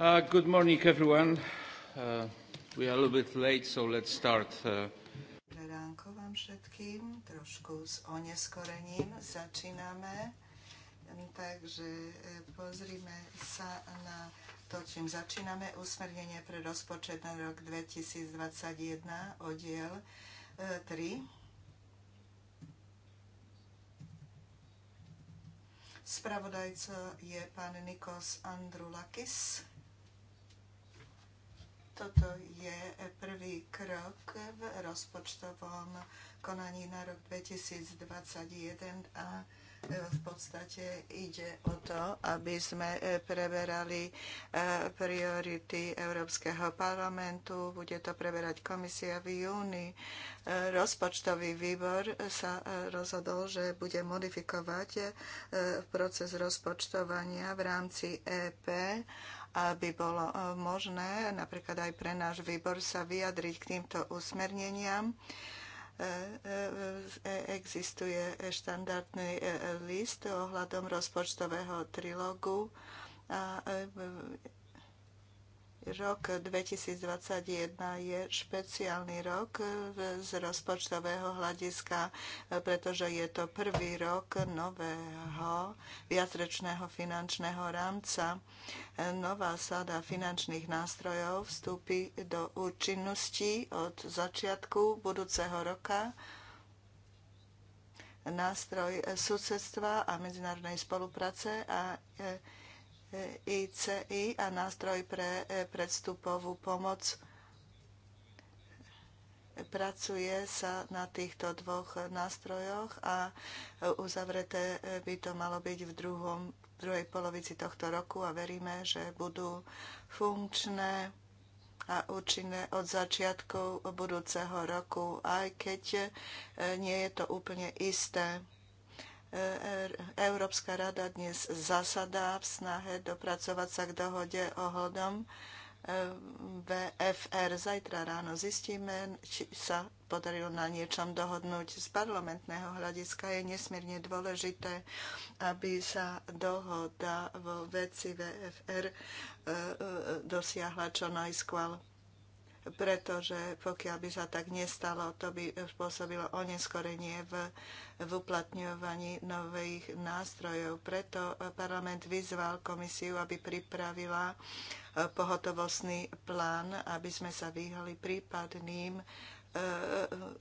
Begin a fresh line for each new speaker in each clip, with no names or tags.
Uh, good morning, everyone. Uh, we are a little bit late, so let's start. Uh... Ránko
vám všetkým, trošku s oneskorením začíname. Takže e, pozrime sa na to, čím začíname. Usmernenie pre rozpočet na rok 2021, oddiel 3. E, Spravodajco je pán Nikos Andrulakis. Toto je prvý krok v rozpočtovom konaní na rok 2021 a e, v podstate ide o to, aby sme e, preberali e, priority Európskeho parlamentu. Bude to preberať komisia v júni. Rozpočtový výbor sa rozhodol, že bude modifikovať proces rozpočtovania v rámci EP aby bolo eh, možné napríklad aj pre náš výbor sa vyjadriť k týmto usmerneniam. Eh, eh, existuje štandardný list ohľadom rozpočtového trilógu a Rok 2021 je špeciálny rok z rozpočtového hľadiska, pretože je to prvý rok nového viacrečného finančného rámca. Nová sada finančných nástrojov vstúpi do účinnosti od začiatku budúceho roka nástroj susedstva a medzinárodnej spolupráce a e, ICI a nástroj pre e, predstupovú pomoc. Pracuje sa na týchto dvoch nástrojoch a e, uzavreté e, by to malo byť v druhom, druhej polovici tohto roku a veríme, že budú funkčné a účinné od začiatku budúceho roku, aj keď nie je to úplne isté. Európska rada dnes zasadá v snahe dopracovať sa k dohode o hodom eh, VFR. Zajtra ráno zistíme, či sa podarilo na niečom dohodnúť. Z parlamentného hľadiska je nesmierne dôležité, aby sa dohoda vo veci VFR eh, eh, dosiahla čo najskôr pretože pokiaľ by sa tak nestalo, to by spôsobilo oneskorenie v, v uplatňovaní nových nástrojov. Preto parlament vyzval komisiu, aby pripravila e, pohotovostný plán, aby sme sa vyhli prípadným e,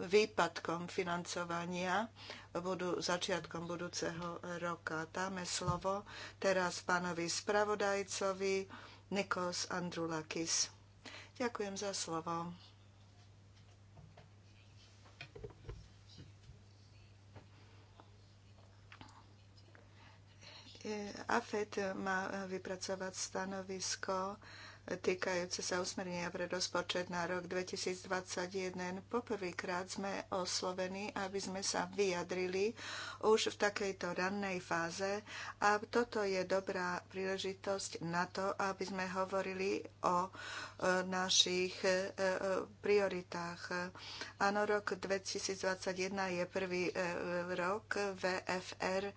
výpadkom financovania budú, začiatkom budúceho roka. Dáme slovo teraz pánovi spravodajcovi Nikos Andrulakis. Ďakujem za slovo. E, AFED má vypracovať stanovisko týkajúce sa usmernenia pre rozpočet na rok 2021. Poprvýkrát sme oslovení, aby sme sa vyjadrili už v takejto rannej fáze a toto je dobrá príležitosť na to, aby sme hovorili o e, našich e, e, prioritách. Áno, rok 2021 je prvý rok VFR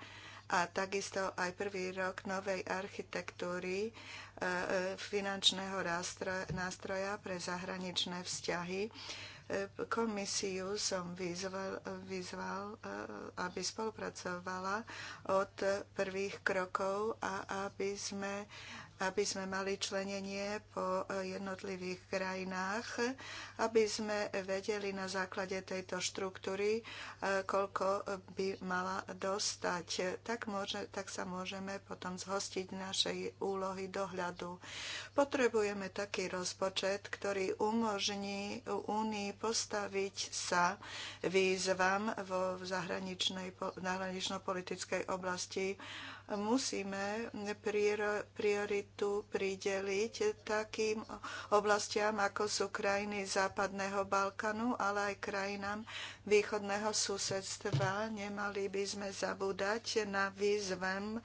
a takisto aj prvý rok novej architektúry e, e, finančného nástroja pre zahraničné vzťahy. E, komisiu som vyzval, vyzval, aby spolupracovala od prvých krokov a aby sme aby sme mali členenie po jednotlivých krajinách, aby sme vedeli na základe tejto štruktúry, e, koľko by mala dostať. Tak, môže, tak sa môžeme potom zhostiť našej úlohy dohľadu. Potrebujeme taký rozpočet, ktorý umožní Únii postaviť sa výzvam vo zahraničnej, zahranično-politickej oblasti musíme prioritu prideliť takým oblastiam, ako sú krajiny Západného Balkanu, ale aj krajinám východného susedstva. Nemali by sme zabúdať na výzvem,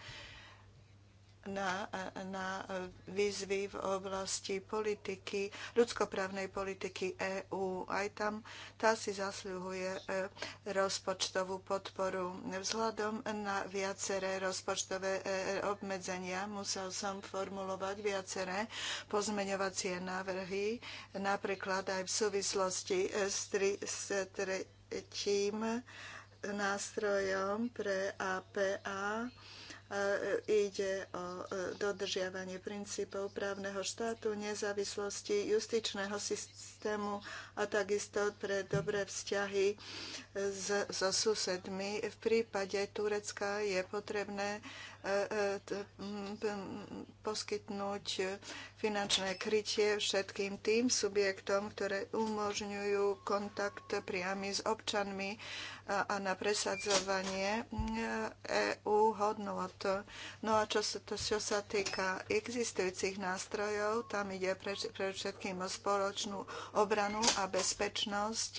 na, na výzvy v oblasti politiky, ľudskoprávnej politiky EÚ. Aj tam tá si zasluhuje e, rozpočtovú podporu. Vzhľadom na viaceré rozpočtové e, obmedzenia musel som formulovať viaceré pozmeňovacie návrhy, napríklad aj v súvislosti e, s, tri, s tretím nástrojom pre APA E, ide o e, dodržiavanie princípov právneho štátu, nezávislosti justičného systému a takisto pre dobré vzťahy so susedmi. V prípade Turecka je potrebné poskytnúť finančné krytie všetkým tým subjektom, ktoré umožňujú kontakt priamy s občanmi a na presadzovanie EU hodnot. No a čo sa, to, čo sa týka existujúcich nástrojov, tam ide pre, pre všetkým o spoločnú obranu a bezpečnosť.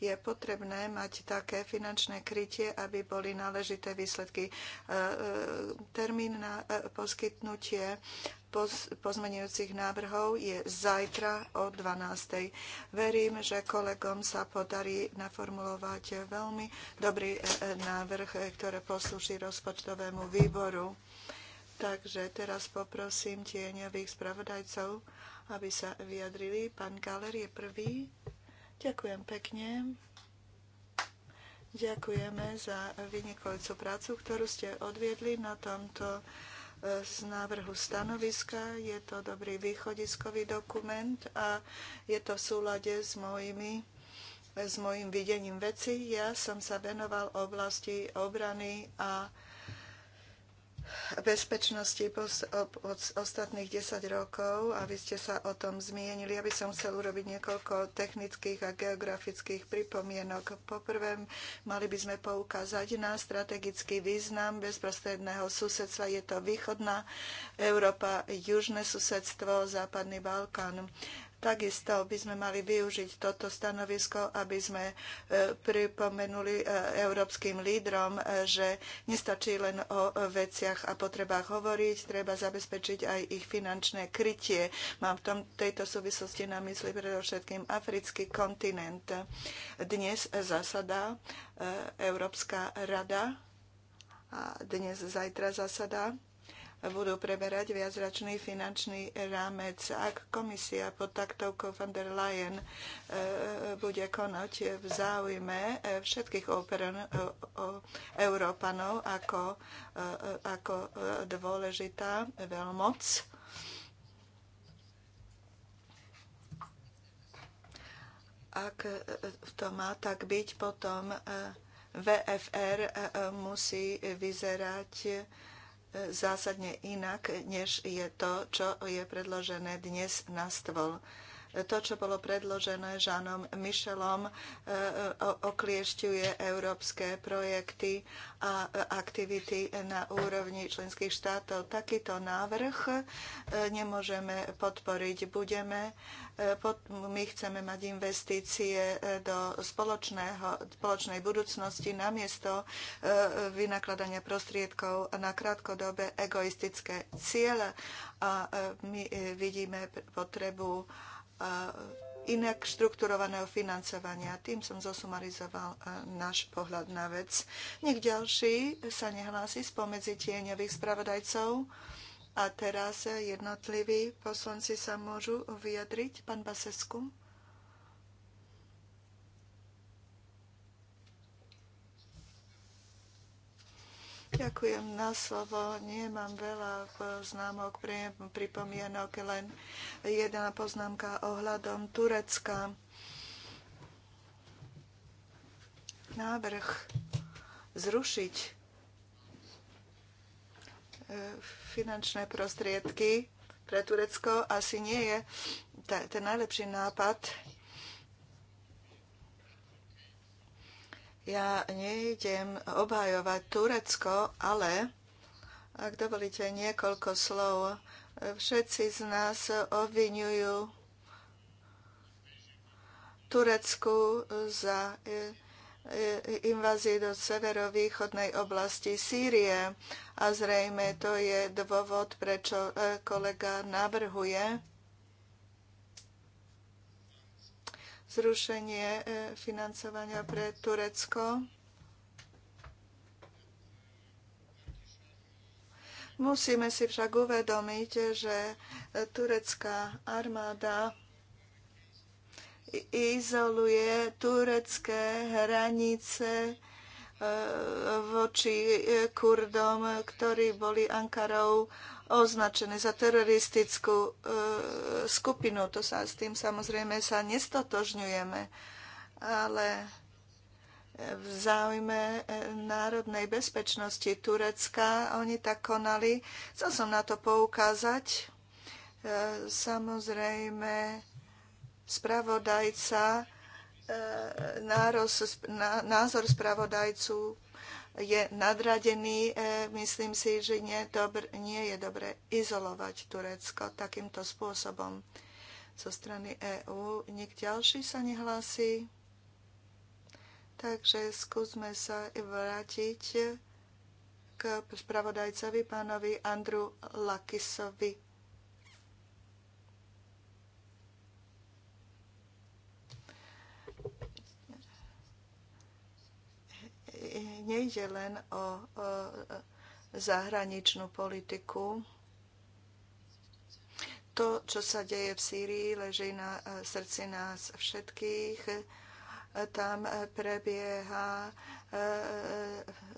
Je potrebné mať také finančné krytie, aby boli náležité výsledky e, e, Termín na e, poskytnutie pozmenujúcich návrhov je zajtra o 12. Verím, že kolegom sa podarí naformulovať veľmi dobrý e, e, návrh, ktoré poslúži rozpočtovému výboru. Takže teraz poprosím tieňových spravodajcov, aby sa vyjadrili. Pán Galer je prvý. Ďakujem pekne. Ďakujeme za vynikajúcu prácu, ktorú ste odviedli na tomto e, z návrhu stanoviska. Je to dobrý východiskový dokument a je to v súlade s mojimi e, s mojim videním veci. Ja som sa venoval oblasti obrany a bezpečnosti od ostatných 10 rokov a vy ste sa o tom zmienili. Ja by som chcel urobiť niekoľko technických a geografických pripomienok. Poprvé, mali by sme poukázať na strategický význam bezprostredného susedstva. Je to východná Európa, južné susedstvo, západný Balkán. Takisto by sme mali využiť toto stanovisko, aby sme e, pripomenuli e, európskym lídrom, e, že nestačí len o veciach a potrebách hovoriť, treba zabezpečiť aj ich finančné krytie. Mám v tom, tejto súvislosti na mysli predovšetkým africký kontinent. Dnes zasada, Európska rada a dnes zajtra zasada budú preberať viacračný finančný rámec. Ak komisia pod taktovkou von der Leyen e, bude konať v záujme e, všetkých e, Európanov ako, ako dôležitá veľmoc, ak to má tak byť, potom VFR musí vyzerať zásadne inak, než je to, čo je predložené dnes na stôl to, čo bolo predložené Žanom Michelom, e, e, okliešťuje európske projekty a aktivity na úrovni členských štátov. Takýto návrh e, nemôžeme podporiť. Budeme, my chceme mať investície do spoločnej budúcnosti namiesto vynakladania prostriedkov na krátkodobé egoistické ciele. A my vidíme potrebu inak štrukturovaného financovania. Tým som zosumarizoval e, náš pohľad na vec. Nech ďalší sa nehlási spomedzi tieňových spravodajcov. A teraz jednotliví poslanci sa môžu vyjadriť. Pán Basesku. Ďakujem na slovo. Nemám veľa poznámok, pripomienok, len jedna poznámka ohľadom Turecka. Návrh zrušiť e, finančné prostriedky pre Turecko asi nie je ten najlepší nápad Ja nejdem obhajovať Turecko, ale ak dovolíte niekoľko slov, všetci z nás obvinujú Turecku za e, e, invazii do severovýchodnej oblasti Sýrie. A zrejme to je dôvod, prečo e, kolega navrhuje zrušenie e, financovania pre Turecko. Musíme si však uvedomiť, že e, turecká armáda izoluje turecké hranice e, voči Kurdom, ktorí boli Ankarou označené za teroristickú e, skupinu. To sa, s tým samozrejme sa nestotožňujeme, ale v záujme e, národnej bezpečnosti Turecka oni tak konali. Chcel som na to poukázať. E, samozrejme, spravodajca, e, náros, na, názor spravodajcu je nadradený. E, myslím si, že nie, dobr, nie je dobre izolovať Turecko takýmto spôsobom. Zo strany EÚ nik ďalší sa nehlási. Takže skúsme sa vrátiť k spravodajcovi pánovi Andru Lakisovi. nejde len o zahraničnú politiku. To, čo sa deje v Sýrii, leží na e, srdci nás všetkých. Tam prebieha e, e,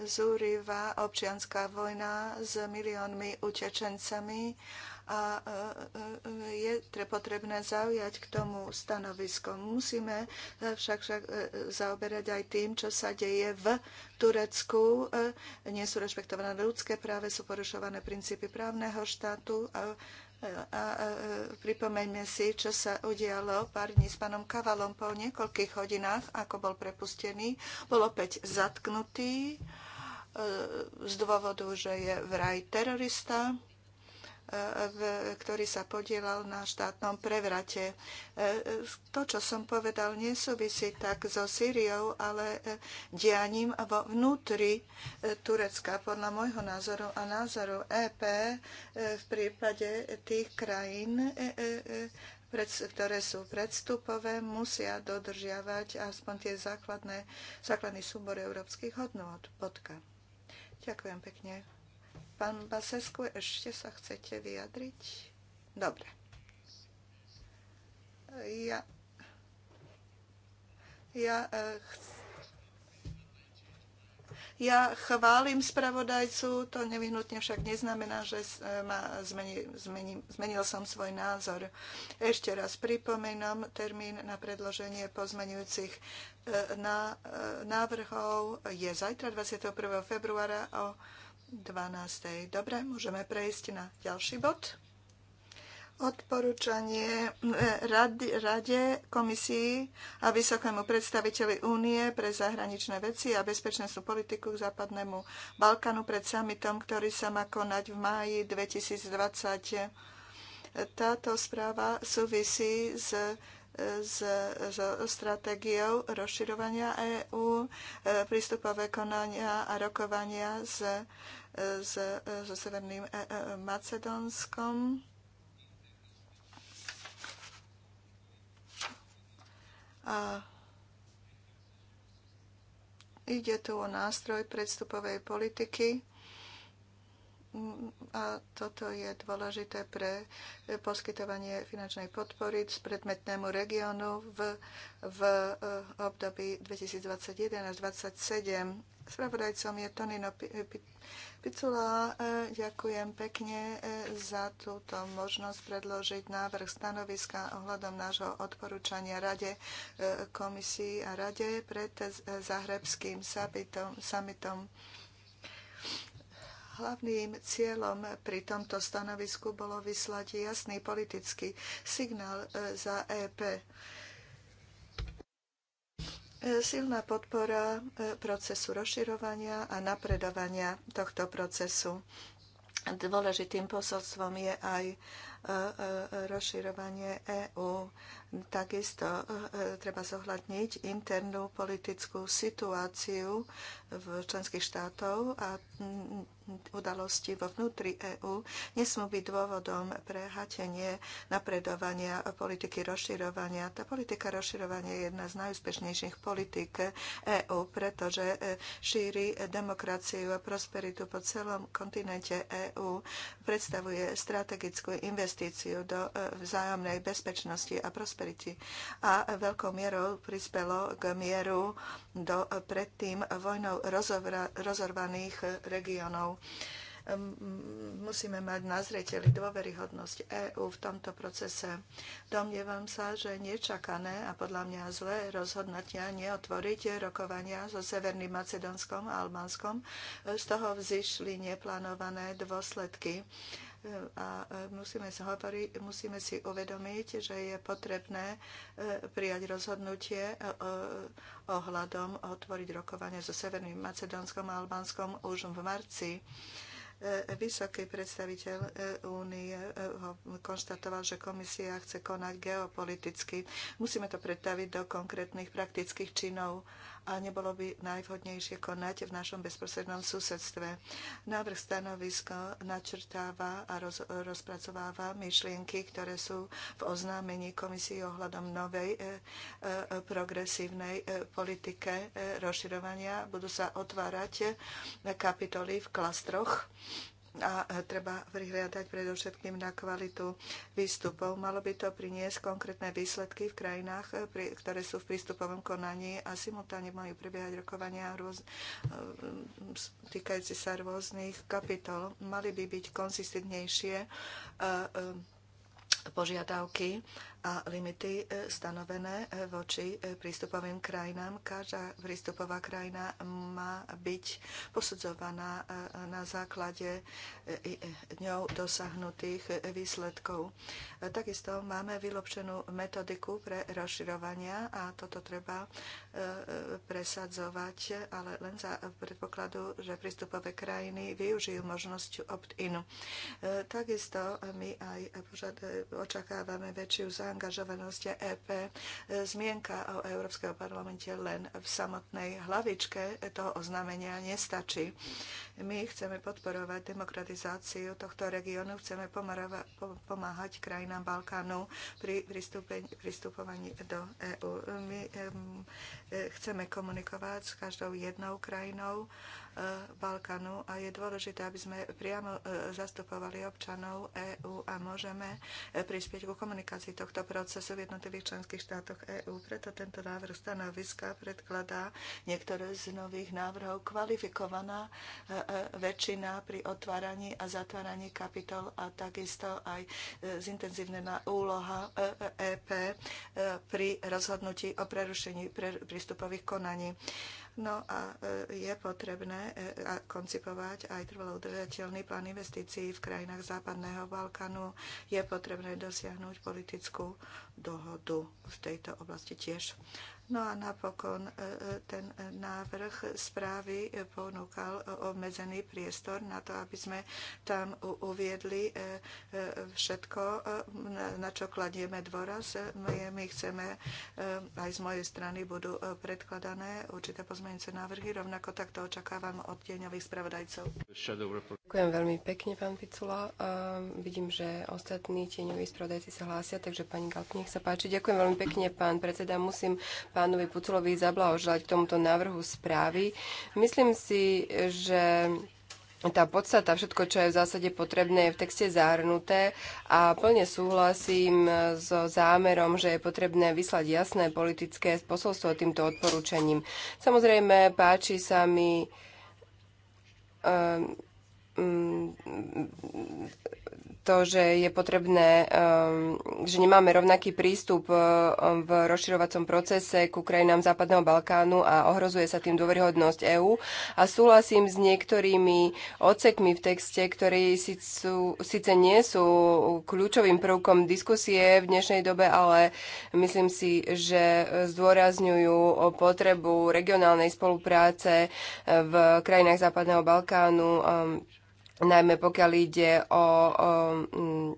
zúrivá občianská vojna s miliónmi utečencami a je potrebné zaujať k tomu stanovisko. Musíme e, však, e, zaoberať aj tým, čo sa deje v Turecku. E, nie sú rešpektované ľudské práve, sú porušované princípy právneho štátu. A a pripomeňme si, čo sa udialo pár dní s pánom Kavalom po niekoľkých hodinách, ako bol prepustený. Bol opäť zatknutý z dôvodu, že je vraj terorista v, ktorý sa podielal na štátnom prevrate. E, to, čo som povedal, nesúvisí tak so Syriou, ale e, dianím vo vnútri e, Turecka. Podľa môjho názoru a názoru EP v prípade tých krajín ktoré sú predstupové, musia dodržiavať aspoň tie základné, základný súbor európskych hodnot. Ďakujem pekne. Pán Basesku, ešte sa chcete vyjadriť? Dobre. Ja, ja e, chcem ja chválim spravodajcu, to nevyhnutne však neznamená, že e, ma zmeni, zmeni, zmenil som svoj názor. Ešte raz pripomínam termín na predloženie pozmenujúcich e, návrhov je zajtra 21. februára o 12. Dobre, môžeme prejsť na ďalší bod. Odporúčanie eh, Rade, Rade Komisii a Vysokému predstaviteľi Únie pre zahraničné veci a bezpečnostnú politiku k Západnému Balkánu pred summitom, ktorý sa má konať v máji 2020. Táto správa súvisí s s, s stratégiou rozširovania EÚ, e, prístupové konania a rokovania s, s, so Severným e, e, Macedónskom. A ide tu o nástroj predstupovej politiky a toto je dôležité pre poskytovanie finančnej podpory z predmetnému regiónu v, v eh, období 2021 až 2027. Spravodajcom je Tonino Picula. Eh, ďakujem pekne eh, za túto možnosť predložiť návrh stanoviska ohľadom nášho odporúčania Rade, Komisii a Rade pred Zahrebským summitom. Hlavným cieľom pri tomto stanovisku bolo vyslať jasný politický signál e, za EP. E, silná podpora e, procesu rozširovania a napredovania tohto procesu. Dôležitým posolstvom je aj rozširovanie EÚ. Takisto treba zohľadniť internú politickú situáciu v členských štátov a mm, udalosti vo vnútri EÚ nesmú byť dôvodom pre hatenie napredovania politiky rozširovania. Tá politika rozširovania je jedna z najúspešnejších politik EÚ, pretože e, šíri demokraciu a prosperitu po celom kontinente EÚ, predstavuje strategickú investíciu investíciu do e, vzájomnej bezpečnosti a prosperity a veľkou mierou prispelo k mieru do e, predtým vojnou rozorvaných e, regiónov musíme mať na zreteli dôveryhodnosť EÚ v tomto procese. Domnievam sa, že nečakané a podľa mňa zlé rozhodnutia neotvoriť rokovania so Severným Macedónskom a Albánskom z toho vzýšli neplánované dôsledky a e, musíme, hovoriť, musíme si uvedomiť, že je potrebné e, prijať rozhodnutie e, ohľadom otvoriť rokovania so Severným Macedónskom a Albánskom už v marci vysoký predstaviteľ únie konštatoval, že komisia chce konať geopoliticky. Musíme to predstaviť do konkrétnych praktických činov a nebolo by najvhodnejšie konať v našom bezprostrednom susedstve. Návrh stanovisko načrtáva a roz, rozpracováva myšlienky, ktoré sú v oznámení komisii ohľadom novej e, e, progresívnej e, politike e, rozširovania. Budú sa otvárať kapitoly v klastroch a e, treba prihliadať predovšetkým na kvalitu výstupov. Malo by to priniesť konkrétne výsledky v krajinách, e, ktoré sú v prístupovom konaní a simultáne majú prebiehať rokovania rôz, e, týkajúci sa rôznych kapitol. Mali by byť konsistentnejšie požiadavky a limity e, stanovené e, voči e, prístupovým krajinám. Každá prístupová krajina má byť posudzovaná na základe dňov dosiahnutých výsledkov. Takisto máme vylopčenú metodiku pre rozširovania a toto treba presadzovať, ale len za predpokladu, že prístupové krajiny využijú možnosť opt-inu. Takisto my aj očakávame väčšiu zaangažovanosť angažovanosti EP. Zmienka o Európskeho parlamente len v samotnej hlavičke toho oznámenia nestačí. My chceme podporovať demokratizáciu tohto regiónu, chceme pomáhať krajinám Balkánu pri pristupovaní do EÚ. My e, chceme komunikovať s každou jednou krajinou e, Balkánu a je dôležité, aby sme priamo e, zastupovali občanov EÚ a môžeme prispieť ku komunikácii tohto procesu v jednotlivých členských štátoch EÚ. Preto tento návrh stanoviska predkladá niektoré z nových návrhov kvalifikovaná väčšina pri otváraní a zatváraní kapitol a takisto aj e, zintenzívnená úloha EP e, e pri rozhodnutí o prerušení prístupových konaní. No a je potrebné koncipovať aj trvalo udržateľný plán investícií v krajinách Západného Balkánu. Je potrebné dosiahnuť politickú dohodu v tejto oblasti tiež. No a napokon e, e, ten návrh správy ponúkal obmedzený priestor na to, aby sme tam uviedli e, všetko, na čo kladieme dôraz. My chceme, aj z mojej strany budú predkladané určité pozmeňujúce návrhy, rovnako takto očakávam od deňových spravodajcov.
Ďakujem veľmi pekne, pán Picula. Vidím, že ostatní tieňoví spravodajci sa hlásia, takže pani Galp, nech sa páči. Ďakujem veľmi pekne, pán predseda. Musím pánovi Puculovi zablahoželať k tomuto návrhu správy. Myslím si, že tá podstata, všetko, čo je v zásade potrebné, je v texte zahrnuté a plne súhlasím so zámerom, že je potrebné vyslať jasné politické posolstvo týmto odporúčaním. Samozrejme, páči sa mi um, to, že je potrebné, ehm, že nemáme rovnaký prístup e, v rozširovacom procese k krajinám Západného Balkánu a ohrozuje sa tým dôveryhodnosť EÚ. A súhlasím s niektorými odsekmi v texte, ktorí síce nie sú kľúčovým prvkom diskusie v dnešnej dobe, ale myslím si, že zdôrazňujú potrebu regionálnej spolupráce e, v krajinách Západného Balkánu ehm, najmä pokiaľ ide o, o mm,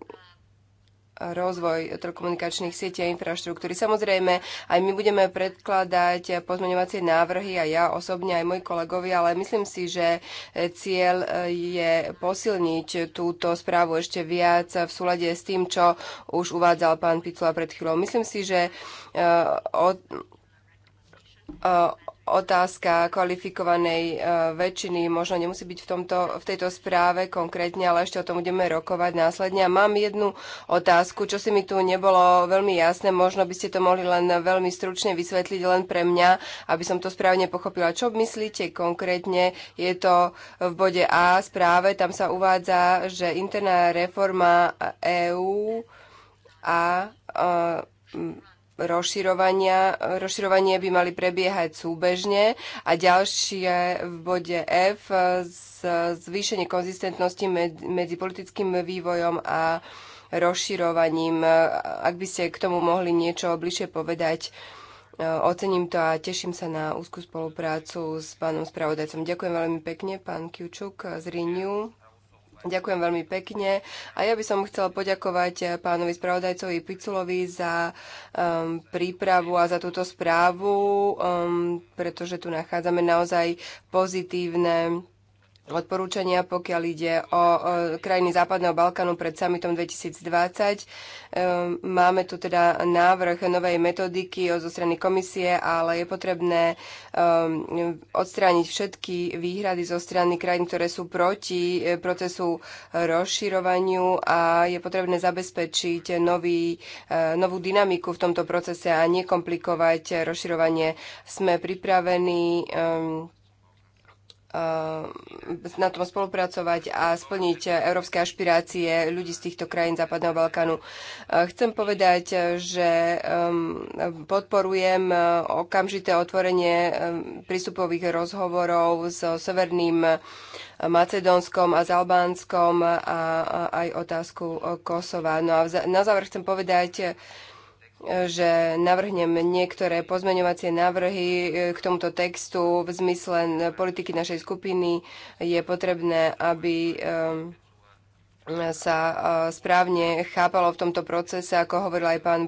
rozvoj telekomunikačných sietí a infraštruktúry. Samozrejme, aj my budeme predkladať pozmeňovacie návrhy a ja osobne aj moji kolegovia, ale myslím si, že cieľ e, je posilniť túto správu ešte viac v súlade s tým, čo už uvádzal pán Picula pred chvíľou. Myslím si, že e, od, e, otázka kvalifikovanej e, väčšiny možno nemusí byť v, tomto, v tejto správe konkrétne, ale ešte o tom budeme rokovať následne. A mám jednu otázku, čo si mi tu nebolo veľmi jasné, možno by ste to mohli len veľmi stručne vysvetliť len pre mňa, aby som to správne pochopila. Čo myslíte konkrétne? Je to v bode A správe, tam sa uvádza, že interná reforma EÚ a uh, rozširovania, rozširovanie by mali prebiehať súbežne a ďalšie v bode F zvýšenie konzistentnosti medzi politickým vývojom a rozširovaním. Ak by ste k tomu mohli niečo bližšie povedať, e, ocením to a teším sa na úzkú spoluprácu s pánom spravodajcom. Ďakujem veľmi pekne, pán Kiučuk z Renew. Ďakujem veľmi pekne. A ja by som chcela poďakovať eh, pánovi spravodajcovi Piculovi za um, prípravu a za túto správu, um, pretože tu nachádzame naozaj pozitívne odporúčania, pokiaľ ide o krajiny Západného Balkánu pred summitom 2020. Ehm, máme tu teda návrh novej metodiky zo strany komisie, ale je potrebné ehm, odstrániť všetky výhrady zo strany krajín, ktoré sú proti e, procesu rozširovaniu a je potrebné zabezpečiť nový, e, novú dynamiku v tomto procese a nekomplikovať rozširovanie. Sme pripravení ehm, Eh, na tom spolupracovať a splniť európske ašpirácie ľudí z týchto krajín Západného Balkánu. Eh, chcem povedať, že ehm, podporujem eh, okamžité otvorenie ehm, prístupových rozhovorov so Severným Macedónskom a s Albánskom a aj otázku Kosova. No a na záver chcem povedať, že navrhnem niektoré pozmeňovacie návrhy e, k tomuto textu v zmysle politiky našej skupiny. Je potrebné, aby sa e, správne chápalo v tomto procese, ako hovoril aj pán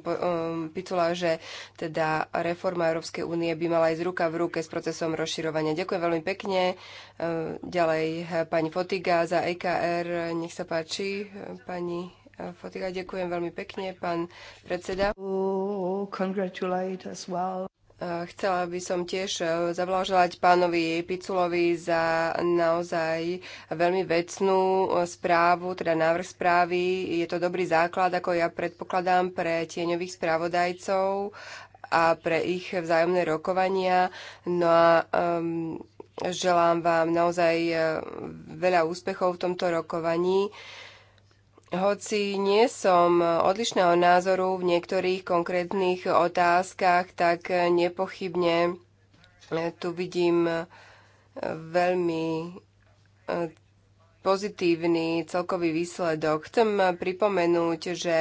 Pitula, že teda reforma Európskej únie by mala ísť ruka v ruke s procesom rozširovania. Ďakujem veľmi pekne. E, ďalej pani Fotiga za EKR. Nech sa páči, pani Fotiga, ďakujem veľmi pekne, pán predseda. Chcela by som tiež e, zavlážovať pánovi Piculovi za naozaj veľmi vecnú e, správu, teda návrh správy. Je to dobrý základ, ako ja predpokladám, pre tieňových správodajcov a pre ich vzájomné rokovania. No a um, želám vám naozaj e, veľa úspechov v tomto rokovaní hoci nie som odlišného názoru v niektorých konkrétnych otázkach, tak nepochybne e, tu vidím e, veľmi e, pozitívny celkový výsledok. Chcem pripomenúť, že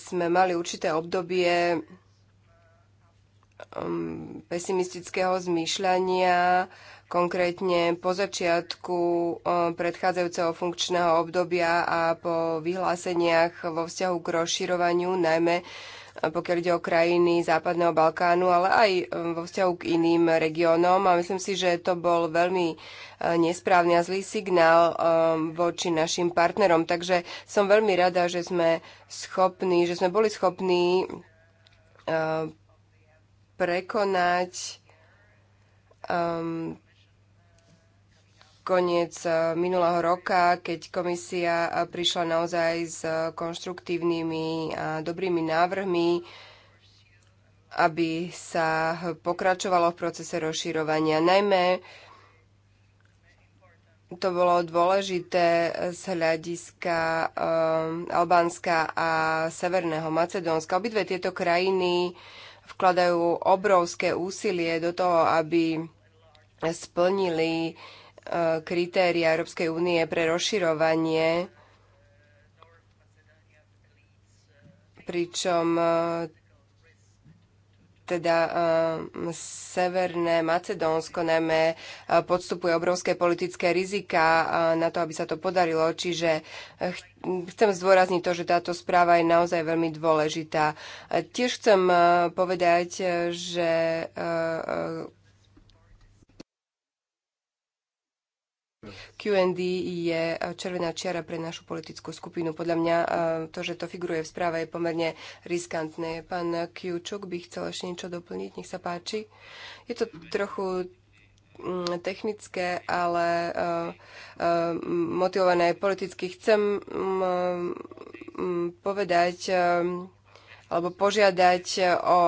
sme mali určité obdobie pesimistického zmýšľania, konkrétne po začiatku e, predchádzajúceho funkčného obdobia a po vyhláseniach vo vzťahu k rozširovaniu, najmä e, pokiaľ ide o krajiny Západného Balkánu, ale aj e, vo vzťahu k iným regiónom. A myslím si, že to bol veľmi nesprávny a zlý signál voči našim partnerom. Takže som veľmi rada, že sme schopní, že sme boli schopní prekonať koniec eh, minulého roka, keď komisia eh, prišla naozaj s eh, konštruktívnymi a dobrými návrhmi, aby sa pokračovalo v procese rozširovania. Najmä to bolo dôležité z hľadiska Albánska a Severného Macedónska. Obidve tieto krajiny vkladajú obrovské úsilie do toho, aby splnili uh, kritéria Európskej únie pre rozširovanie, pričom e, teda e, Severné Macedónsko najmä e, podstupuje obrovské politické rizika na to, aby sa to podarilo. Čiže chcem zdôrazniť to, že táto správa je naozaj veľmi dôležitá. Tiež chcem povedať, že QND je eh, červená čiara pre našu politickú skupinu. Podľa mňa eh, to, že to figuruje v správe, je pomerne riskantné. Pán Kiučuk by chcel ešte niečo doplniť, nech sa páči. Je to trochu mm, technické, ale eh, motivované politicky. Chcem mm, mm, povedať alebo požiadať o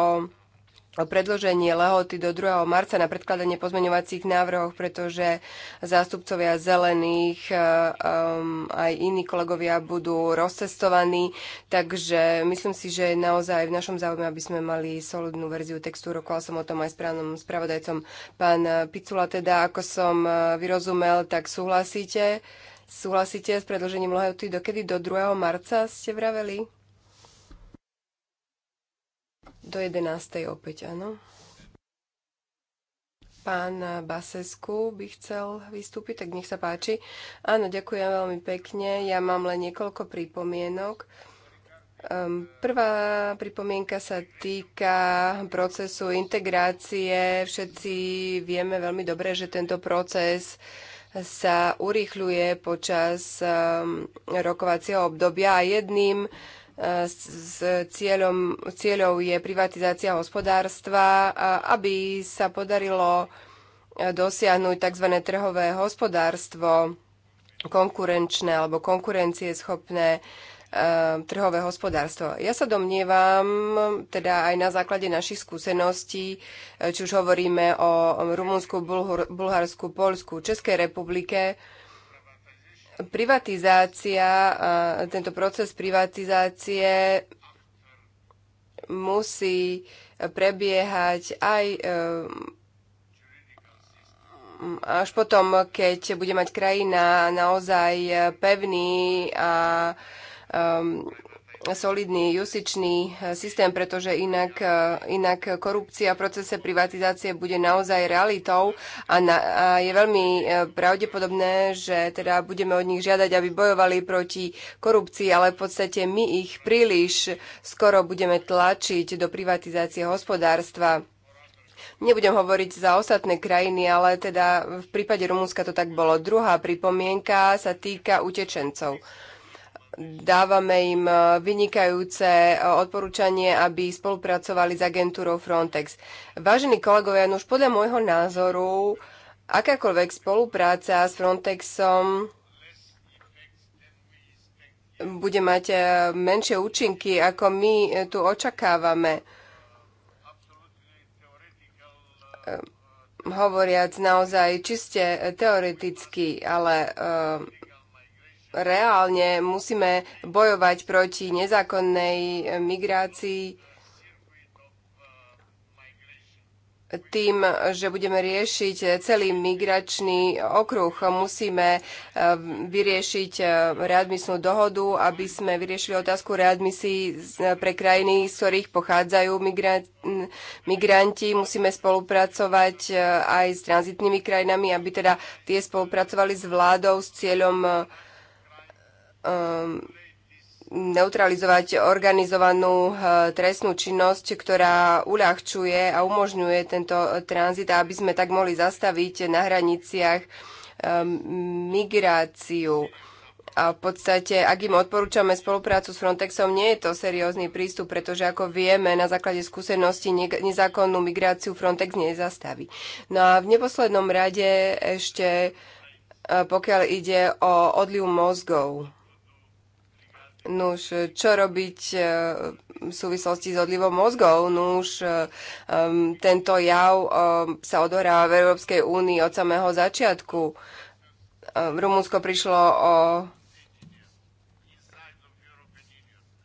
o predloženie lehoty do 2. marca na predkladanie pozmeňovacích návrhov, pretože zástupcovia zelených um, aj iní kolegovia budú rozcestovaní. Takže myslím si, že naozaj v našom záujme, aby sme mali solidnú verziu textu. Rokoval som o tom aj s spravodajcom pán Picula. Teda, ako som e, vyrozumel, tak súhlasíte. Súhlasíte s predložením lehoty dokedy? Do 2. marca ste vraveli? Do 11. opäť, áno. Pán Basesku by chcel vystúpiť, tak nech sa páči. Áno, ďakujem veľmi pekne. Ja mám len niekoľko pripomienok. Ehm, prvá pripomienka sa týka procesu integrácie. Všetci vieme veľmi dobre, že tento proces sa urýchľuje počas ehm, rokovacieho obdobia a jedným s, cieľom, cieľou je privatizácia hospodárstva, aby sa podarilo dosiahnuť tzv. trhové hospodárstvo, konkurenčné alebo konkurencieschopné e, trhové hospodárstvo. Ja sa domnievam, teda aj na základe našich skúseností, e, či už hovoríme o Rumunsku, Bulharsku, Polsku, Českej republike, privatizácia, tento proces privatizácie musí prebiehať aj e, až potom, keď bude mať krajina naozaj pevný a e, solidný justičný eh, systém, pretože inak, eh, inak korupcia v procese privatizácie bude naozaj realitou a, na, a je veľmi eh, pravdepodobné, že teda budeme od nich žiadať, aby bojovali proti korupcii, ale v podstate my ich príliš skoro budeme tlačiť do privatizácie hospodárstva. Nebudem hovoriť za ostatné krajiny, ale teda v prípade Rumúnska to tak bolo. Druhá pripomienka sa týka utečencov. Uh, dávame im e, vynikajúce e, odporúčanie, aby spolupracovali s agentúrou Frontex. Vážení kolegovia, no už podľa môjho názoru, akákoľvek spolupráca s Frontexom bude mať e, menšie účinky, ako my tu očakávame. Hovoriac naozaj čiste teoreticky, ale reálne musíme bojovať proti nezákonnej eh, migrácii tým, že budeme riešiť eh, celý migračný okruh. Musíme eh, vyriešiť readmisnú dohodu, aby sme vyriešili otázku readmisí pre krajiny, z ktorých pochádzajú migranti. Musíme spolupracovať aj s tranzitnými krajinami, aby teda tie spolupracovali s vládou s cieľom Um, neutralizovať organizovanú uh, trestnú činnosť, ktorá uľahčuje a umožňuje tento tranzit, aby sme tak mohli zastaviť na hraniciach um, migráciu. A v podstate, ak im odporúčame spoluprácu s Frontexom, nie je to seriózny prístup, pretože ako vieme, na základe skúsenosti, nezákonnú migráciu Frontex nezastaví. No a v neposlednom rade ešte, uh, pokiaľ ide o odliv mozgov Nuž, čo robiť e, v súvislosti s odlivom mozgov? Nuž, e, tento jav e, sa odohrá v Európskej únii od samého začiatku. Rumunsko prišlo o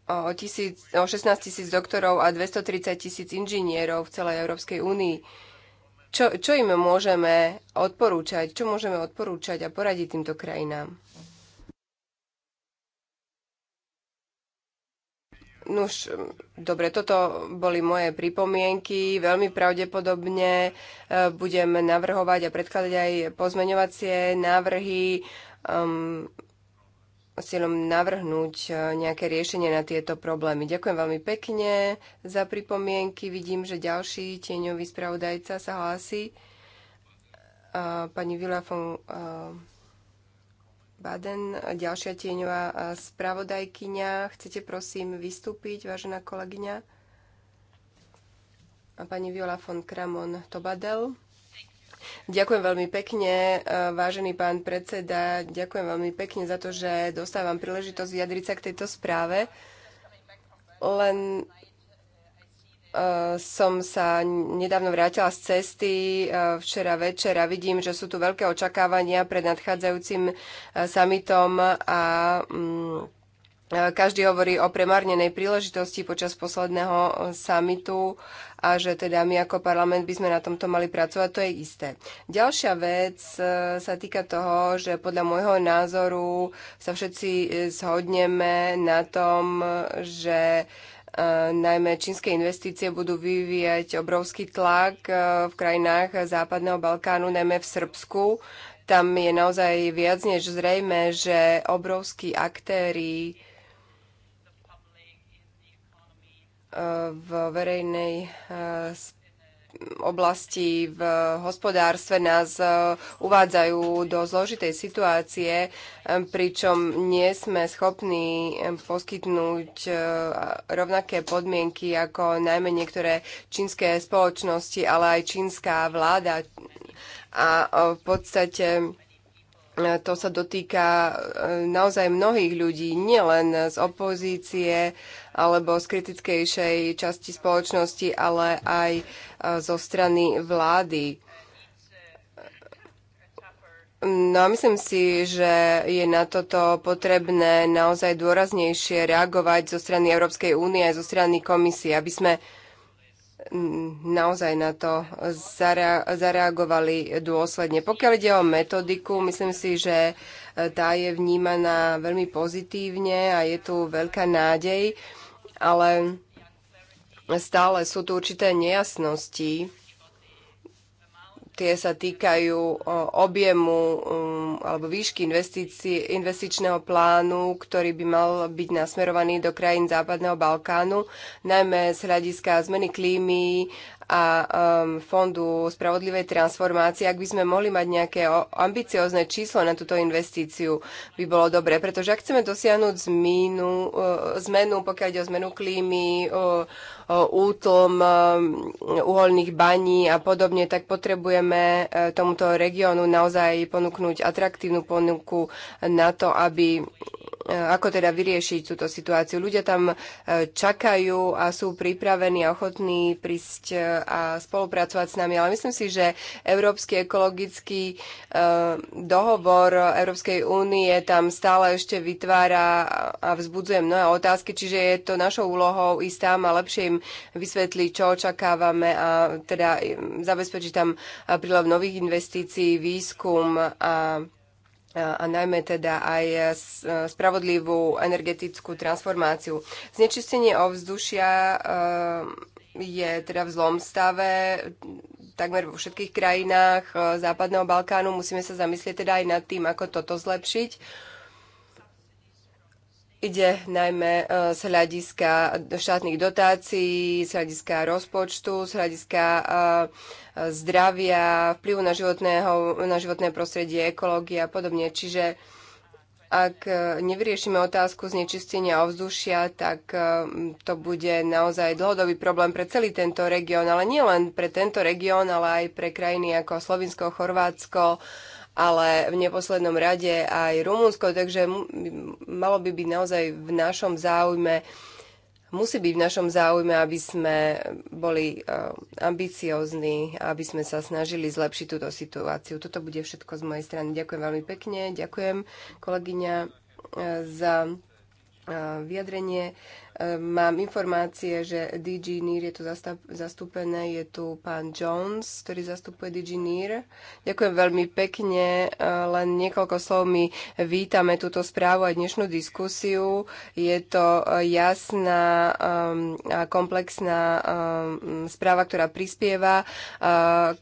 o, tisíc, o 16 tisíc doktorov a 230 tisíc inžinierov v celej Európskej únii. Čo, čo im môžeme odporúčať? Čo môžeme odporúčať a poradiť týmto krajinám? Nuž, dobre, toto boli moje pripomienky. Veľmi pravdepodobne e, budem navrhovať a predkladať aj pozmeňovacie návrhy um, s cieľom navrhnúť e, nejaké riešenie na tieto problémy. Ďakujem veľmi pekne za pripomienky. Vidím, že ďalší tieňový spravodajca sa hlási. Uh, pani Vila von uh, Baden, ďalšia tieňová spravodajkyňa. Chcete prosím vystúpiť, vážená kolegyňa? A pani Viola von Kramon Tobadel. Ďakujem veľmi pekne, vážený pán predseda. Ďakujem veľmi pekne za to, že dostávam príležitosť vyjadriť sa k tejto správe. Len Eh, som sa nedávno vrátila z cesty eh, včera večer a vidím, že sú tu veľké očakávania pred nadchádzajúcim eh, samitom a mm, každý hovorí o premárnenej príležitosti počas posledného samitu a že teda my ako parlament by sme na tomto mali pracovať, to je isté. Ďalšia vec sa týka toho, že podľa môjho názoru sa všetci zhodneme na tom, že E, najmä čínske investície budú vyvíjať obrovský tlak e, v krajinách Západného Balkánu, najmä v Srbsku. Tam je naozaj viac než zrejme, že obrovskí aktéry e, v verejnej spoločnosti oblasti v hospodárstve nás e, uvádzajú do zložitej situácie, e, pričom nie sme schopní e, poskytnúť rovnaké podmienky ako najmä niektoré čínske spoločnosti, ale aj čínska vláda. A v podstate E, to sa dotýka e, naozaj mnohých ľudí, nielen z opozície alebo z kritickejšej časti spoločnosti, ale aj e, zo strany vlády. No a myslím si, že je na toto potrebné naozaj dôraznejšie reagovať zo strany Európskej únie a zo strany komisie, aby sme naozaj na to zareagovali dôsledne. Pokiaľ ide o metodiku, myslím si, že e, tá je vnímaná veľmi pozitívne a je tu veľká nádej, ale stále sú tu určité nejasnosti Tie sa týkajú objemu um, alebo výšky investičného plánu, ktorý by mal byť nasmerovaný do krajín Západného Balkánu, najmä z hľadiska zmeny klímy a um, Fondu spravodlivej transformácie, ak by sme mohli mať nejaké ambiciozne číslo na túto investíciu, by bolo dobré. pretože ak chceme dosiahnuť zmínu, uh, zmenu, pokiaľ ide o zmenu klímy, uh, uh útlm um, uholných baní a podobne, tak potrebujeme uh, tomuto regiónu naozaj ponúknuť atraktívnu ponuku na to, aby E, ako teda vyriešiť túto situáciu. Ľudia tam e, čakajú a sú pripravení a ochotní prísť e, a spolupracovať s nami, ale myslím si, že Európsky ekologický dohovor Európskej únie tam stále ešte vytvára a vzbudzuje mnohé otázky, čiže je to našou úlohou ísť tam a lepšie im vysvetliť, čo očakávame a teda zabezpečiť tam prílev nových investícií, výskum a a najmä teda aj e, e, spravodlivú energetickú transformáciu. Znečistenie ovzdušia e, je teda v zlom stave takmer vo všetkých krajinách Západného Balkánu. Musíme sa zamyslieť teda aj nad tým, ako toto zlepšiť Ide najmä e, z hľadiska štátnych dotácií, z hľadiska rozpočtu, z hľadiska e, zdravia, vplyvu na, životného, na životné prostredie, ekológie a podobne. Čiže ak e, nevyriešime otázku znečistenia ovzdušia, tak to bude naozaj dlhodobý problém pre celý tento región, ale nielen pre tento región, ale aj pre krajiny ako Slovinsko, Chorvátsko, ale v neposlednom rade aj Rumunsko, takže malo by byť naozaj v našom záujme, musí byť v našom záujme, aby sme boli e, ambiciozni, aby sme sa snažili zlepšiť túto situáciu. Toto bude všetko z mojej strany. Ďakujem veľmi pekne, ďakujem kolegyňa e, za e, vyjadrenie. Mám informácie, že DG NIR je tu zastúpené, je tu pán Jones, ktorý zastupuje DG NIR. Ďakujem veľmi pekne, len niekoľko slov my vítame túto správu a dnešnú diskusiu. Je to jasná um, a komplexná um, správa, ktorá prispieva uh,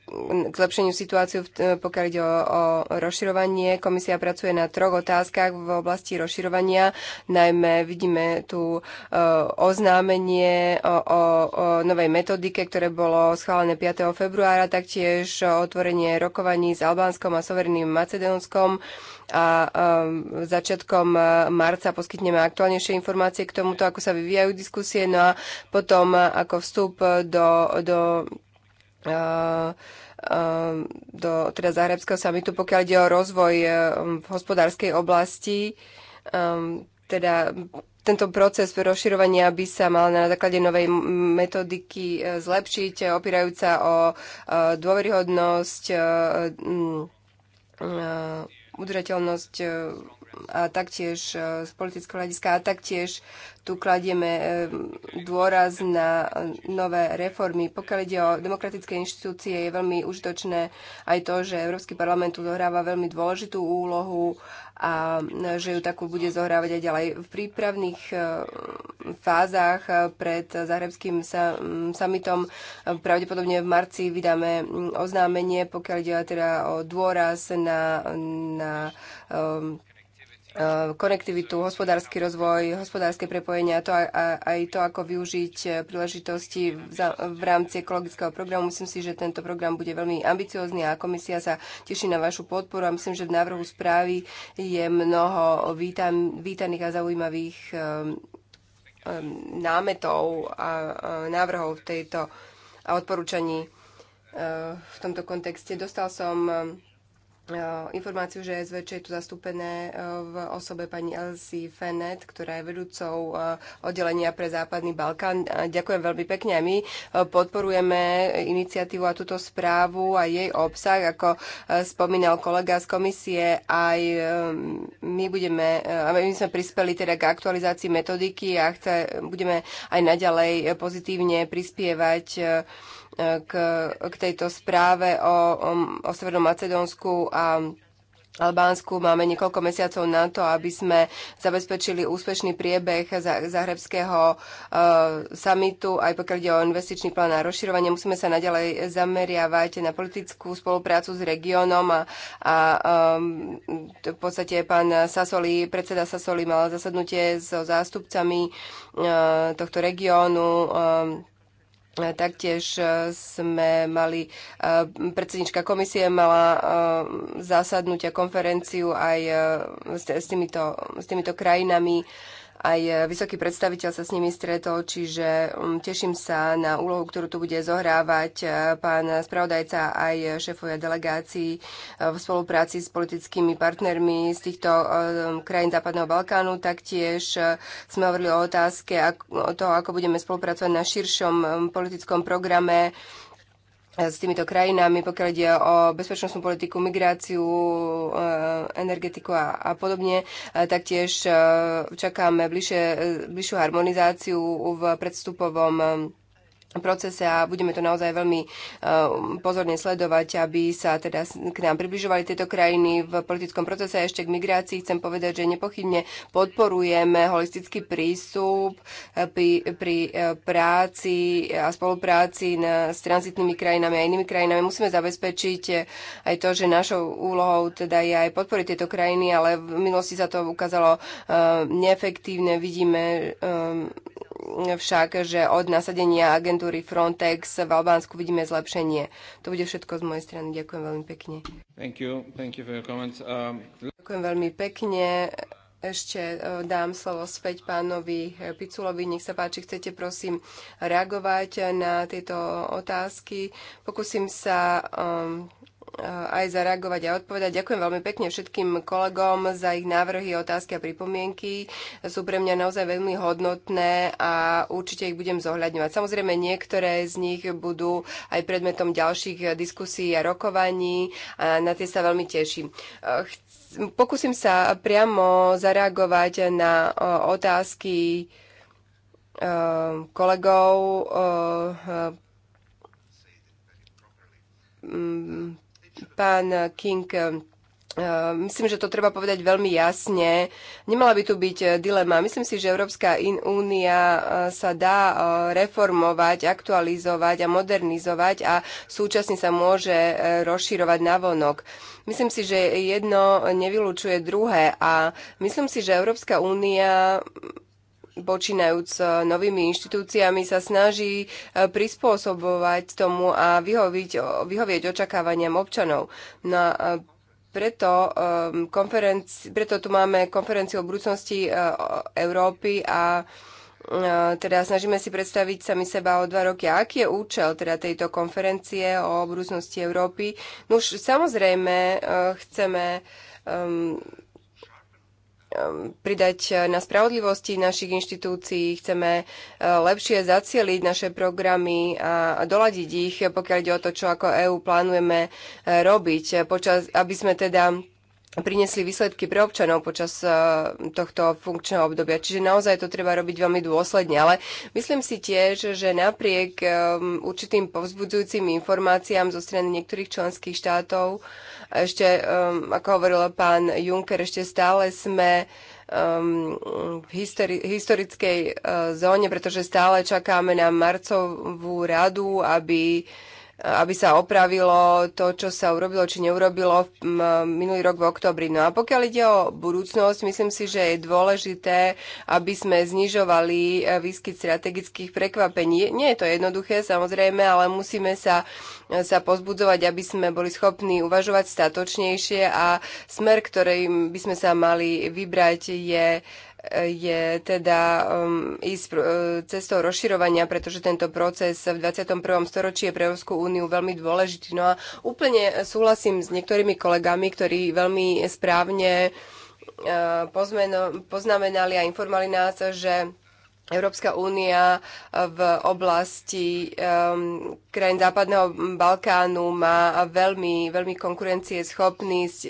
k zlepšeniu situáciu, pokiaľ ide o rozširovanie. Komisia pracuje na troch otázkach v oblasti rozširovania. Najmä vidíme tu uh, Eh, oznámenie o, o, o novej metodike, ktoré bolo schválené 5. februára, taktiež otvorenie rokovaní s Albánskom a Severným Macedónskom a um, začiatkom eh, marca poskytneme aktuálnejšie informácie k tomuto, ako sa vyvíjajú diskusie, no a potom ako vstup do, do uh, do teda Zahrebského samitu, pokiaľ ide o rozvoj v hospodárskej oblasti. teda tento proces rozširovania by sa mal na základe novej metodiky e, zlepšiť, e, opírajúca o e, dôveryhodnosť, udržateľnosť a taktiež z politického hľadiska a taktiež tu kladieme eh, dôraz na eh, nové reformy. Pokiaľ ide o demokratické inštitúcie, je veľmi užitočné aj to, že Európsky parlament tu zohráva veľmi dôležitú úlohu a eh, že ju takú bude zohrávať aj ďalej. V prípravných fázach pred zahrebským mm, summitom pravdepodobne v marci vydáme mm, oznámenie, pokiaľ ide teda o dôraz na, na um, E, konektivitu, hospodársky rozvoj, hospodárske prepojenia to a aj to, ako využiť e, príležitosti v rámci ekologického programu. Myslím si, že tento program bude veľmi ambiciózny a komisia sa teší na vašu podporu a myslím, že v návrhu správy je mnoho vítan, vítaných a zaujímavých e, námetov a návrhov v tejto a odporúčaní v tomto kontexte. Dostal som Eh, informáciu, že SVČ je tu zastúpené eh, v osobe pani Elsie Fenet, ktorá je vedúcou eh, oddelenia pre Západný Balkán. Ďakujem veľmi pekne a my podporujeme iniciatívu a túto správu a jej obsah, ako spomínal kolega z komisie, aj my budeme, my sme prispeli teda k aktualizácii metodiky a chce, budeme aj naďalej pozitívne prispievať k, k tejto správe o, o, o Severnom Macedónsku a Albánsku máme niekoľko mesiacov na to, aby sme zabezpečili úspešný priebeh zahrebského uh, samitu, aj pokiaľ ide o investičný plán a rozširovanie. Musíme sa naďalej zameriavať na politickú spoluprácu s regiónom a, a um, v podstate pán Sasoli, predseda Sasoli mal zasadnutie so zástupcami uh, tohto regiónu. Um, E, taktiež e, sme mali, e, predsednička komisie mala a konferenciu aj s týmito, s týmito krajinami aj e, vysoký predstaviteľ sa s nimi stretol, čiže mm, teším sa na úlohu, ktorú tu bude zohrávať e, pán spravodajca aj šéfovia delegácií e, v spolupráci s politickými partnermi z týchto krajín Západného Balkánu. Taktiež sme hovorili o otázke o toho, ako budeme spolupracovať na širšom politickom programe E, s týmito krajinami, pokiaľ ide o bezpečnostnú politiku, migráciu, e, energetiku a, a podobne. E, taktiež čakáme bližšie, bližšiu harmonizáciu v predstupovom procese a budeme to naozaj veľmi e, pozorne sledovať, aby sa teda k nám približovali tieto krajiny v politickom procese a ešte k migrácii. Chcem povedať, že nepochybne podporujeme holistický prístup e, pri, pri e, práci a spolupráci na, s tranzitnými krajinami a inými krajinami. Musíme zabezpečiť aj to, že našou úlohou teda je aj podporiť tieto krajiny, ale v minulosti sa to ukázalo neefektívne. Vidíme však, že od nasadenia agentúry Frontex v Albánsku vidíme zlepšenie. To bude všetko z mojej strany. Ďakujem veľmi pekne.
Thank you. Thank you
um... Ďakujem veľmi pekne. Ešte eh, dám slovo späť pánovi Piculovi. Nech sa páči, chcete prosím reagovať na tieto otázky. Pokúsim sa um, aj zareagovať a odpovedať. Ďakujem veľmi pekne všetkým kolegom za ich návrhy, otázky a pripomienky. Sú pre mňa naozaj veľmi hodnotné a určite ich budem zohľadňovať. Samozrejme, niektoré z nich budú aj predmetom ďalších diskusí a rokovaní a na tie sa veľmi teším e, pokúsim sa priamo zareagovať na otázky e, kolegov. E, Pán King, eh, myslím, že to treba povedať veľmi jasne. Nemala by tu byť eh, dilema. Myslím si, že Európska únia eh, sa dá reformovať, aktualizovať a modernizovať a súčasne sa môže rozširovať navonok. Myslím si, že jedno nevylučuje druhé a myslím si, že Európska únia počínajúc e, novými inštitúciami, sa snaží e, prispôsobovať tomu a vyhoviť, vyhovieť očakávaniam občanov. No a e, preto, preto tu máme konferenciu o budúcnosti Európy a teda snažíme si predstaviť sami seba o dva roky. aký je účel teda tejto konferencie o budúcnosti Európy? No už samozrejme chceme um, Um, pridať eh, na spravodlivosti našich inštitúcií, chceme eh, lepšie zacieliť naše programy a doladiť ich, pokiaľ ide o to, čo ako EÚ plánujeme eh, robiť, počas, aby sme teda priniesli výsledky pre občanov počas tohto funkčného obdobia. Čiže naozaj to treba robiť veľmi dôsledne. Ale myslím si tiež, že napriek určitým povzbudzujúcim informáciám zo strany niektorých členských štátov, ešte, um, ako hovoril pán Juncker, ešte stále sme um, v histori- historickej uh, zóne, pretože stále čakáme na marcovú radu, aby aby sa opravilo to, čo sa urobilo či neurobilo minulý rok v oktobri. No a pokiaľ ide o budúcnosť, myslím si, že je dôležité, aby sme znižovali eh, výskyt strategických prekvapení. Nie je to jednoduché, samozrejme, ale musíme sa sa pozbudzovať, aby sme boli schopní uvažovať statočnejšie a smer, ktorým by sme sa mali vybrať, je je teda um, ísť pr- e, cestou rozširovania, pretože tento proces v 21. storočí je pre Európsku úniu veľmi dôležitý. No a úplne súhlasím s niektorými kolegami, ktorí veľmi správne uh, poznamenali a informovali nás, že Európska únia e, v oblasti um, krajín západného Balkánu má veľmi, veľmi konkurencieschopnosť e,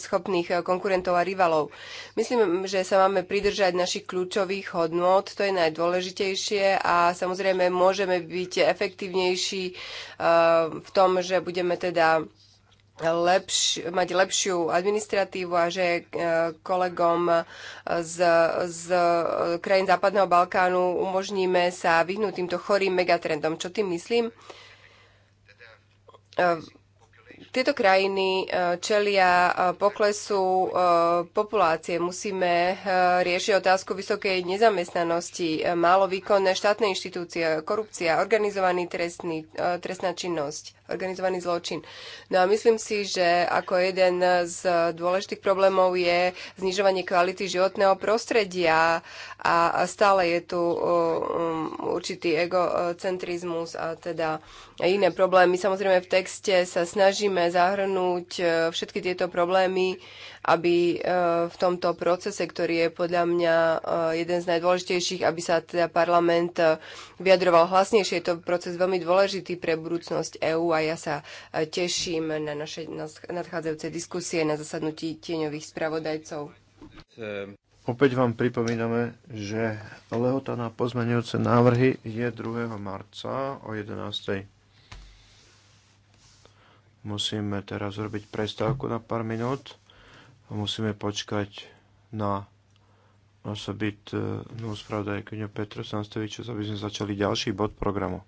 schopných e, konkurentov a rivalov. Myslím, že sa máme pridržať našich kľúčových hodnôt, to je najdôležitejšie a samozrejme môžeme byť efektívnejší v tom, že budeme teda lepš- mať lepšiu administratívu a že eh, kolegom eh, z, z eh, krajín Západného Balkánu umožníme sa vyhnúť týmto chorým megatrendom. Čo tým myslím? Tieto krajiny e, čelia e, poklesu e, populácie. Musíme riešiť otázku vysokej nezamestnanosti, málo výkonné štátne inštitúcie, korupcia, organizovaný trestný, trestná činnosť, organizovaný zločin. No a myslím si, že ako jeden z dôležitých problémov je znižovanie kvality životného prostredia a stále je tu um, určitý egocentrizmus a teda iné problémy. Samozrejme, v texte sa snažíme zahrnúť e, všetky tieto problémy, aby e, v tomto procese, ktorý je podľa mňa e, jeden z najdôležitejších, aby sa teda parlament vyjadroval hlasnejšie. Je to proces veľmi dôležitý pre budúcnosť EÚ a ja sa teším na naše nadchádzajúce diskusie na zasadnutí tieňových spravodajcov.
Opäť vám pripomíname, že lehota na pozmeňujúce návrhy je 2. marca o 11. Musíme teraz robiť prestávku na pár minút. a Musíme počkať na osobitnú spravodajkyňu Petru Sansteviču, aby sme začali ďalší bod programu.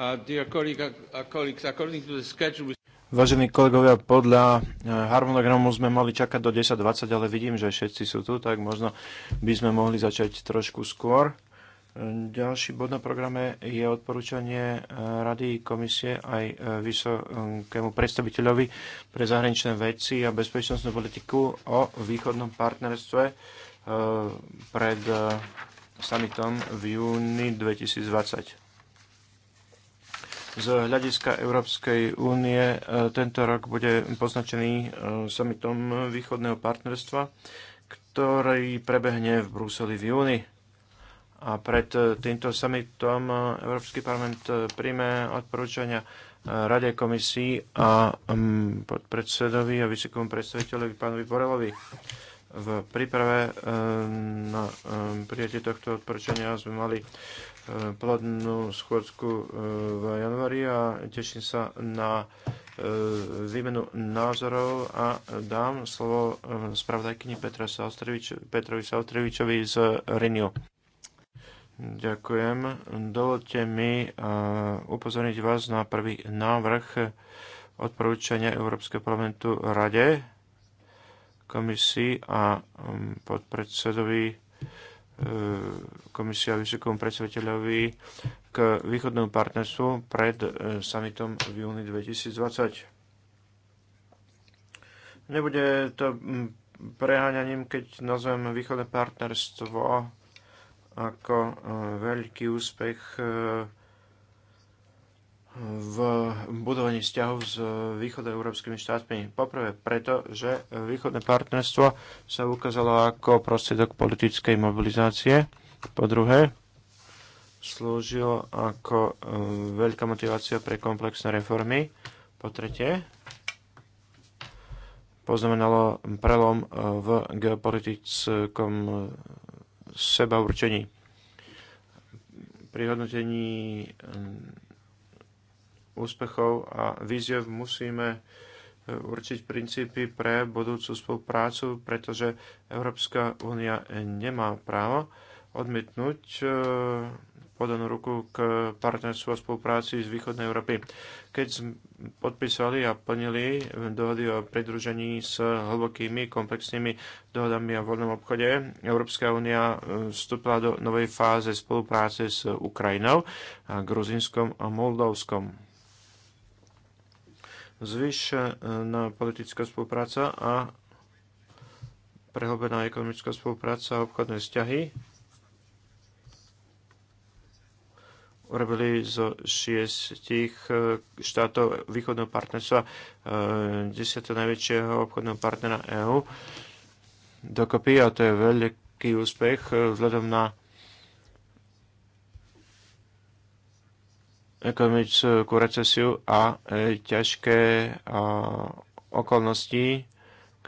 Uh, uh, Vážení kolegovia, podľa uh, harmonogramu sme mali čakať do 10.20, ale vidím, že všetci sú tu, tak možno by sme mohli začať trošku skôr. Ďalší bod na programe je odporúčanie Rady komisie aj vysokému predstaviteľovi pre zahraničné veci a bezpečnostnú politiku o východnom partnerstve pred summitom v júni 2020. Z hľadiska Európskej únie e, tento rok bude poznačený e, summitom východného partnerstva, ktorý prebehne v Bruseli v júni. A pred e, týmto summitom Európsky parlament príjme odporúčania Rade komisii a podpredsedovi a vysokom predstaviteľovi pánovi Borelovi v príprave na prijatie tohto odporúčania sme mali plodnú schôdzku e, v januári a teším sa na e, výmenu názorov a dám slovo e, spravodajkyni Petra Saustrevič, Petrovi Saustrevičovi z Renew. Ďakujem. Dovolte mi upozorniť vás na prvý návrh odporúčania Európskeho parlamentu Rade, komisii a podpredsedovi E, komisia vysokom predstaviteľovi k východnému partnerstvu pred e, summitom v júni 2020. Nebude to preháňaním, keď nazvem východné partnerstvo ako e, veľký úspech v budovaní vzťahov s východoeurópskymi štátmi. Poprvé preto, že východné partnerstvo sa ukázalo ako prostriedok politickej mobilizácie. Po druhé, slúžilo ako e, veľká motivácia pre komplexné reformy. Po tretie, poznamenalo prelom e, v geopolitickom e, sebaurčení. Pri hodnotení úspechov a víziev musíme e, určiť princípy pre budúcu spoluprácu, pretože Európska únia nemá právo odmietnúť e, podanú ruku k partnerstvu a spolupráci z východnej Európy. Keď podpísali a plnili dohody o pridružení s hlbokými komplexnými dohodami o voľnom obchode, Európska únia e, vstúpila do novej fáze spolupráce s Ukrajinou, Gruzinskom a Moldovskom zvýšená e, politická spolupráca a prehlbená ekonomická spolupráca a obchodné vzťahy urobili zo šiestich e, štátov východného partnerstva e, desiatého najväčšieho obchodného partnera EÚ dokopy a to je veľký úspech vzhľadom na ekonomickú recesiu a e, ťažké okolnosti,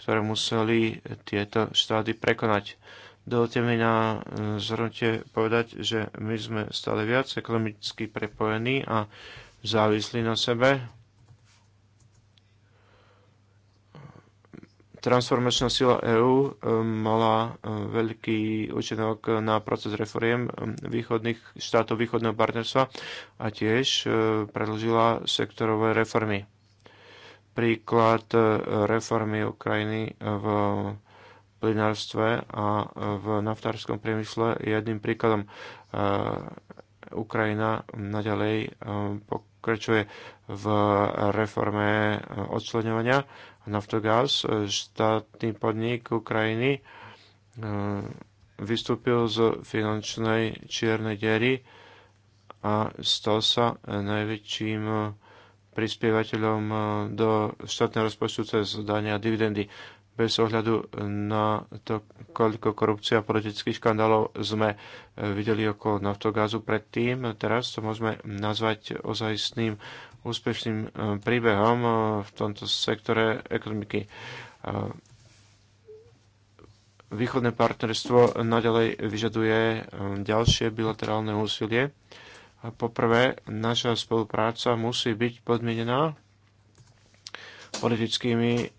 ktoré museli tieto štáty prekonať. Dovolte mi na e, zhrnutie povedať, že my sme stále viac ekonomicky prepojení a závislí na sebe transformačná sila EÚ e, mala e, veľký účinok na proces reforiem e, východných štátov východného partnerstva a tiež predlžila sektorové reformy. Príklad reformy Ukrajiny v plinárstve a v naftárskom priemysle je jedným príkladom. Ukrajina naďalej pokračuje v reforme odsledňovania Naftogaz, e, štátny podnik Ukrajiny, e, vystúpil z finančnej čiernej diery a stal sa najväčším e, prispievateľom do štátneho rozpočtu cez dania a dividendy. Bez ohľadu na to, koľko korupcia a politických škandálov sme videli okolo naftogázu predtým, teraz to môžeme nazvať ozajstným úspešným e, príbehom e, v tomto sektore ekonomiky. E, východné partnerstvo nadalej vyžaduje ďalšie bilaterálne úsilie. Poprvé, naša spolupráca musí byť podmienená politickými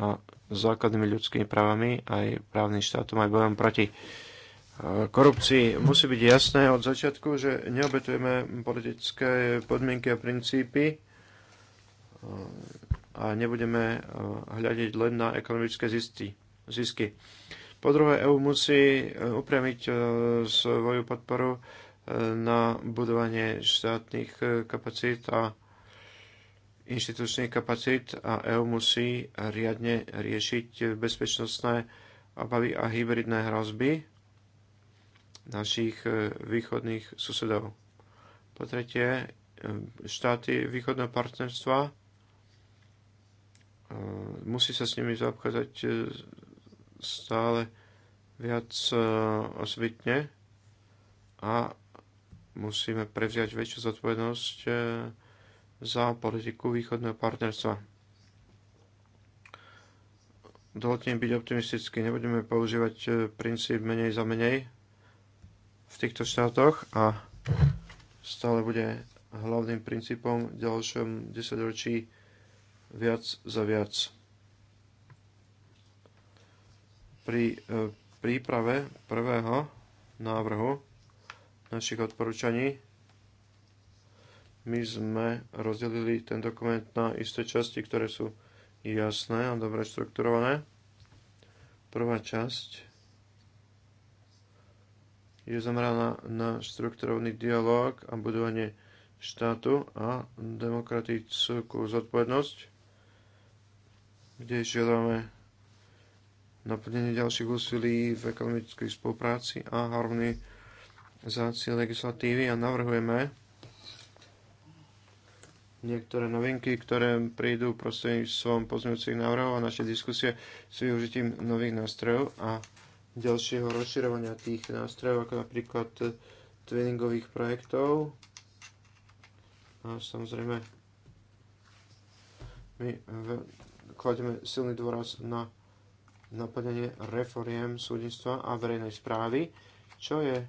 a základnými ľudskými právami, aj právnym štátom, aj bojom proti korupcii. Musí byť jasné od začiatku, že neobetujeme politické podmienky a princípy eh, a nebudeme eh, hľadiť len na ekonomické zisky. Po druhé, EU musí eh, upriamiť svoju podporu na budovanie štátnych kapacít a inštitučných kapacít a EU musí riadne riešiť bezpečnostné obavy a hybridné hrozby našich e, východných susedov. Po tretie, e, štáty východného partnerstva e, musí sa s nimi zaobchádzať stále viac osvitne a musíme prevziať väčšiu zodpovednosť za politiku východného partnerstva. Dovolte byť optimistický, nebudeme používať princíp menej za menej, v týchto štátoch a stále bude hlavným princípom v ďalšom desaťročí viac za viac. Pri e, príprave prvého návrhu našich odporúčaní my sme rozdelili ten dokument na isté časti, ktoré sú jasné a dobre štrukturované. Prvá časť je zameraná na štruktúrovný dialog a budovanie štátu a demokratickú zodpovednosť, kde žiadame naplnenie ďalších úsilí v ekonomickej spolupráci a harmonizácii legislatívy a navrhujeme niektoré novinky, ktoré prídu prostredníctvom pozmeňujúcich návrhov a naše diskusie s využitím nových nástrojov a ďalšieho rozširovania tých nástrojov, ako napríklad eh, twinningových projektov. A samozrejme, my eh, kladieme silný dôraz na naplnenie reforiem súdnictva a verejnej správy, čo je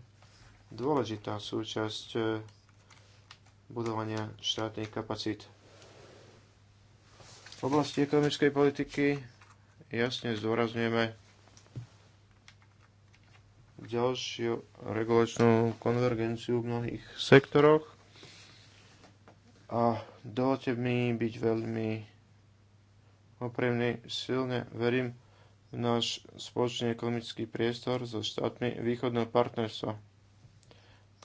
dôležitá súčasť eh, budovania štátnych kapacít. V oblasti ekonomickej politiky jasne zdôrazňujeme ďalšiu regulačnú konvergenciu v mnohých sektoroch. A dovolte mi byť veľmi úprimný. Silne verím v náš spoločný ekonomický priestor so štátmi východného partnerstva.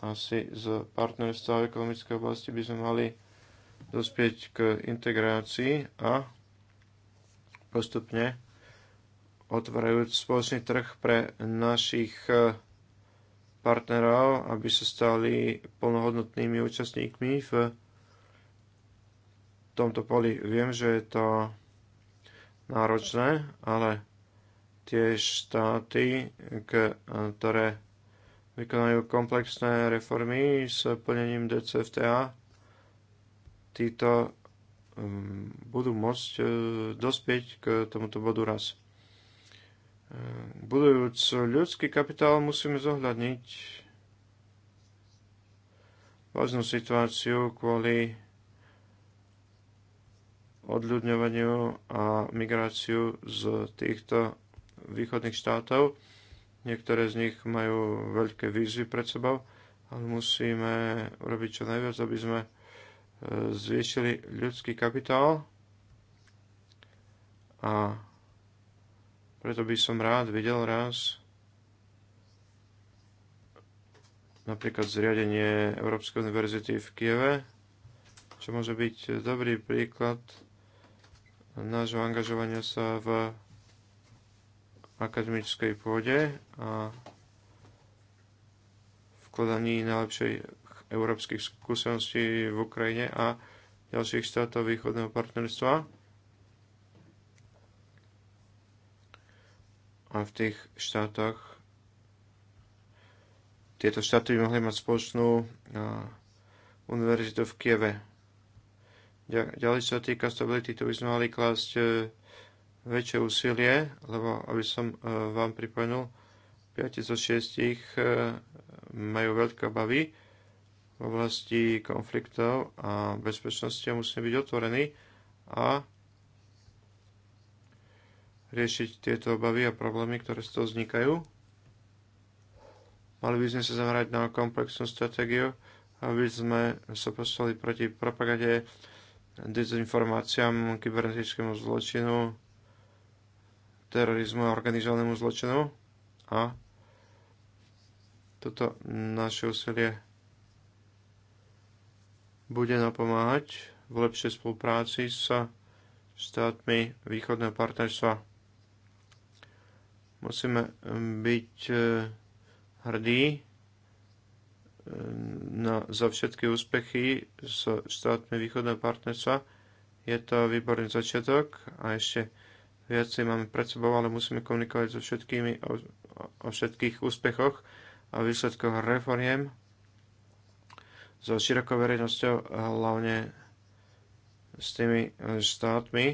Asi z partnerstva ekonomickej oblasti by sme mali dospieť k integrácii a postupne otvárajúc spoločný trh pre našich e, partnerov, aby sa stali plnohodnotnými účastníkmi v tomto poli. Viem, že je to náročné, ale tie štáty, ktoré vykonajú komplexné reformy s plnením DCFTA, títo mm, budú môcť e, dospieť k tomuto bodu raz budujúc ľudský kapitál, musíme zohľadniť vážnu situáciu kvôli odľudňovaniu a migráciu z týchto východných štátov. Niektoré z nich majú veľké výzvy pred sebou, ale musíme robiť čo najviac, aby sme e, zvýšili ľudský kapitál a preto by som rád videl raz napríklad zriadenie Európskej univerzity v Kieve, čo môže byť dobrý príklad nášho angažovania sa v akademickej pôde a vkladaní najlepšej európskych skúseností v Ukrajine a ďalších štátov východného partnerstva A v tých štátoch tieto štáty by mohli mať spoločnú univerzitu v Kieve. Ďalej sa týka stability, tu by sme mali klásť e, väčšie úsilie, lebo aby som e, vám pripojenul, 5 zo 6 e, majú veľké obavy v oblasti konfliktov a bezpečnosti a musíme byť otvorení a riešiť tieto obavy a problémy, ktoré z toho vznikajú. Mali by sme sa zamerať na komplexnú stratégiu, aby sme sa postavili proti propagande, dezinformáciám, kybernetickému zločinu, terorizmu a organizovanému zločinu. A toto naše úsilie bude napomáhať v lepšej spolupráci s štátmi východného partnerstva. Musíme ehm, byť eh, hrdí ehm, na, za všetky úspechy s štátmi východného partnerstva. Je to výborný začiatok a ešte si máme pred sebou, ale musíme komunikovať so všetkými o, o všetkých úspechoch a výsledkoch reformiem so širokou verejnosťou, hlavne s tými eh, štátmi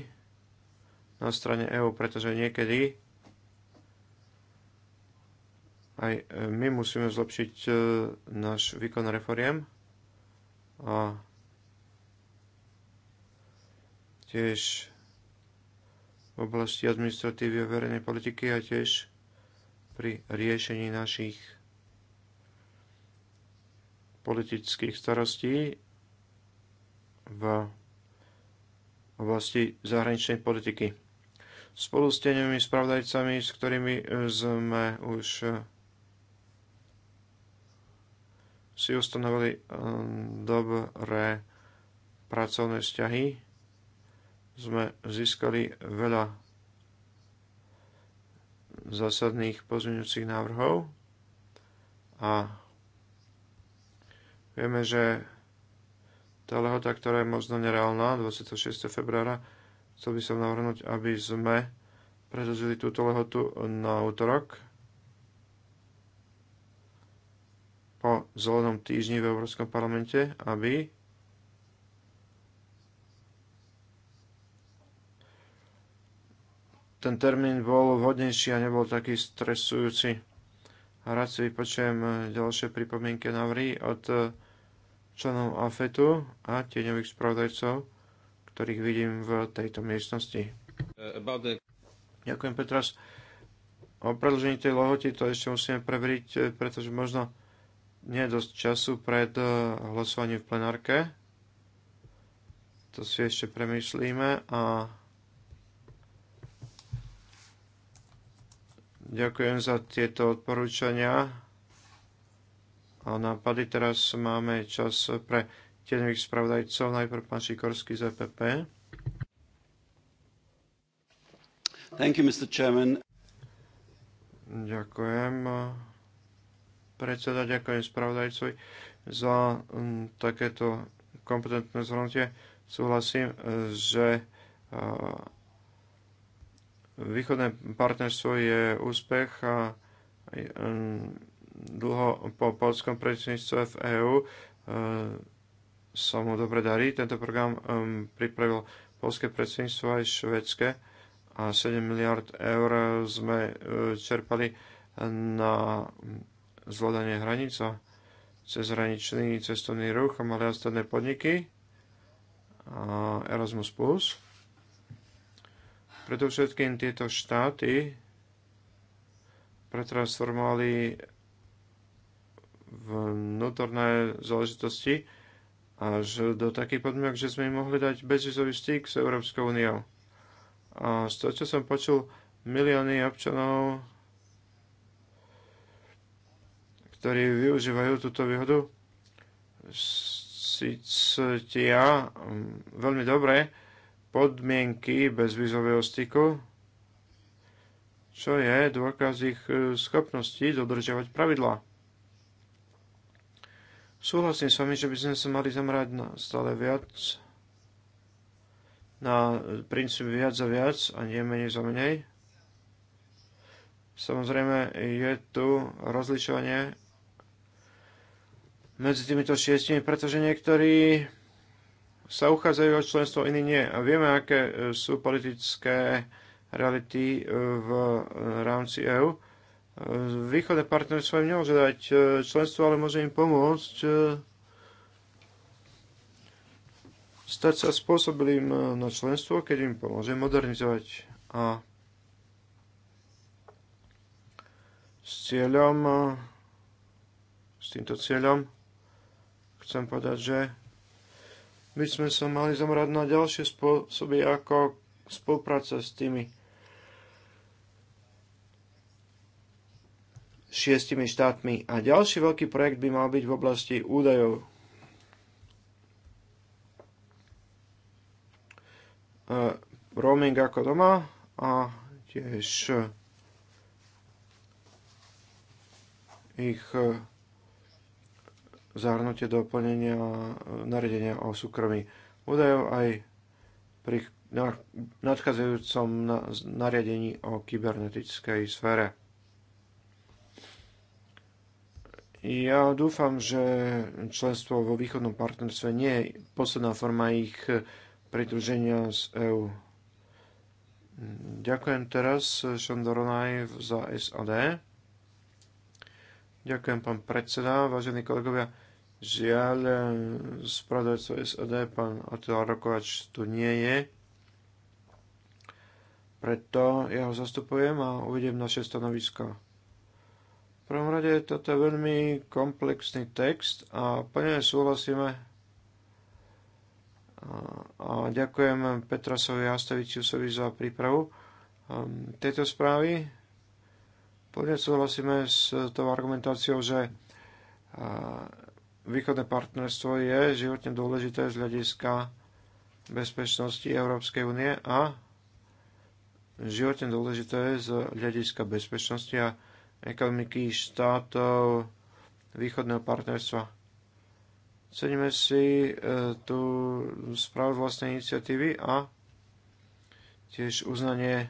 na strane EÚ, pretože niekedy aj e, my musíme zlepšiť e, náš výkon reforiem a tiež v oblasti administratívy a verejnej politiky a tiež pri riešení našich politických starostí v oblasti zahraničnej politiky. Spolu s tenými spravdajcami, s ktorými e, sme už si ustanovili um, dobré pracovné vzťahy, sme získali veľa zásadných pozmeňujúcich návrhov a vieme, že tá lehota, ktorá je možno nereálna, 26. februára, chcel by som navrhnúť, aby sme predložili túto lehotu na útorok o zelenom týždni v Európskom parlamente, aby ten termín bol vhodnejší a nebol taký stresujúci. A rád si vypočujem ďalšie pripomienky na návrhy od členov AFETu a tieňových spravodajcov, ktorých vidím v tejto miestnosti. Ďakujem Petras. O predlžení tej lehoty to ešte musíme preveriť, pretože možno nie je dosť času pred eh, hlasovaním v plenárke. To si ešte premyslíme a ďakujem za tieto odporúčania a nápady. Teraz máme čas pre tieňových spravodajcov. Najprv pán Šikorský z EPP. Thank you, Mr. Chairman. Ďakujem predseda, ďakujem spravodajcovi za mm, takéto kompetentné zhrnutie. Súhlasím, e, že e, východné partnerstvo je úspech a e, mm, dlho po polskom predsedníctve v EÚ sa mu dobre darí. Tento program pripravil polské predsedníctvo aj švedské a 7 miliard eur sme čerpali na zvládanie hranica, cezhraničný cestovný ruch a malé a stredné podniky a Erasmus+. Preto všetkým tieto štáty pretransformovali vnútorné záležitosti až do takých podmienok, že sme im mohli dať bezvizový styk s Európskou úniou. A z toho, čo som počul, milióny občanov ktorí využívajú túto výhodu, si cítia mm, veľmi dobre podmienky bezvizového styku, čo je dôkaz ich e, schopností dodržiavať pravidlá. Súhlasím s vami, že by sme sa mali zamerať na stále viac na princíp viac za viac a nie menej za menej. Samozrejme je tu rozlišovanie medzi týmito šiestimi, pretože niektorí sa uchádzajú o členstvo, iní nie. A vieme, aké e, sú politické reality e, v rámci EÚ. E, východné partnerstvo im nemôže dať členstvo, ale môže im pomôcť stať sa spôsobilým na členstvo, keď im pomôže modernizovať a s cieľom, s týmto cieľom chcem povedať, že by sme sa mali zamerať na ďalšie spôsoby, ako spolupráca s tými šiestimi štátmi. A ďalší veľký projekt by mal byť v oblasti údajov. roaming ako doma a tiež ich zahrnutie doplnenia e, nariadenia o súkromí údajov aj pri nadchádzajúcom nariadení o kybernetickej sfére. Ja dúfam, že členstvo vo východnom partnerstve nie je posledná forma ich e, pridruženia z EÚ. Ďakujem teraz e, Šandoronaj za SAD. Ďakujem, pán predseda, vážení kolegovia. Žiaľ, spravodajco SED, pán Otila Rokovač, tu nie je. Preto ja ho zastupujem a uvidím naše stanovisko. V prvom rade toto je veľmi komplexný text a plne súhlasíme a ďakujem Petrasovi a Staviciusovi za prípravu um, tejto správy. Plne súhlasíme s tou argumentáciou, že východné partnerstvo je životne dôležité z hľadiska bezpečnosti Európskej únie a životne dôležité z hľadiska bezpečnosti a ekonomiky štátov východného partnerstva. Ceníme si e, tú správu vlastnej iniciatívy a tiež uznanie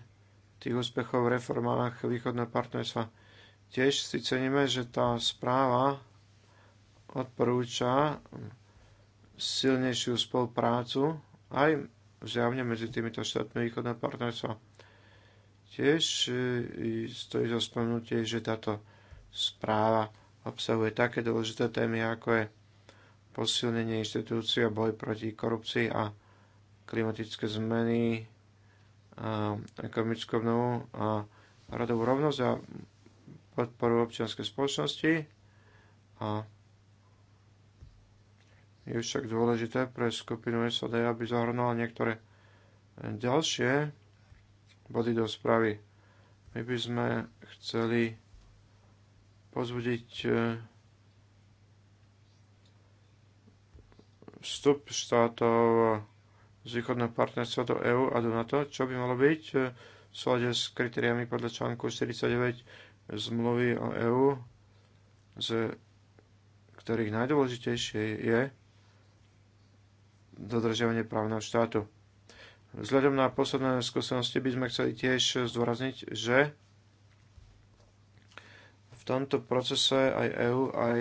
tých úspechov v reformách východného partnerstva. Tiež si ceníme, že tá správa odporúča silnejšiu spoluprácu aj zjavne medzi týmito štátmi východného partnerstva. Tiež e, stojí za spomenutie, že táto správa obsahuje také dôležité témy, ako je posilnenie inštitúcií a boj proti korupcii a klimatické zmeny, a ekonomickú obnovu a radovú rovnosť a podporu občianskej spoločnosti a je však dôležité pre skupinu SOD, aby zahrnula niektoré ďalšie body do správy. My by sme chceli pozbudiť e, vstup štátov z východného partnerstva do EÚ a do NATO, čo by malo byť e, v súlade s kritériami podľa článku 49 zmluvy o EÚ, z ktorých najdôležitejšie je dodržiavanie právneho štátu. Vzhľadom na posledné skúsenosti by sme chceli tiež zdôrazniť, že v tomto procese aj EÚ, aj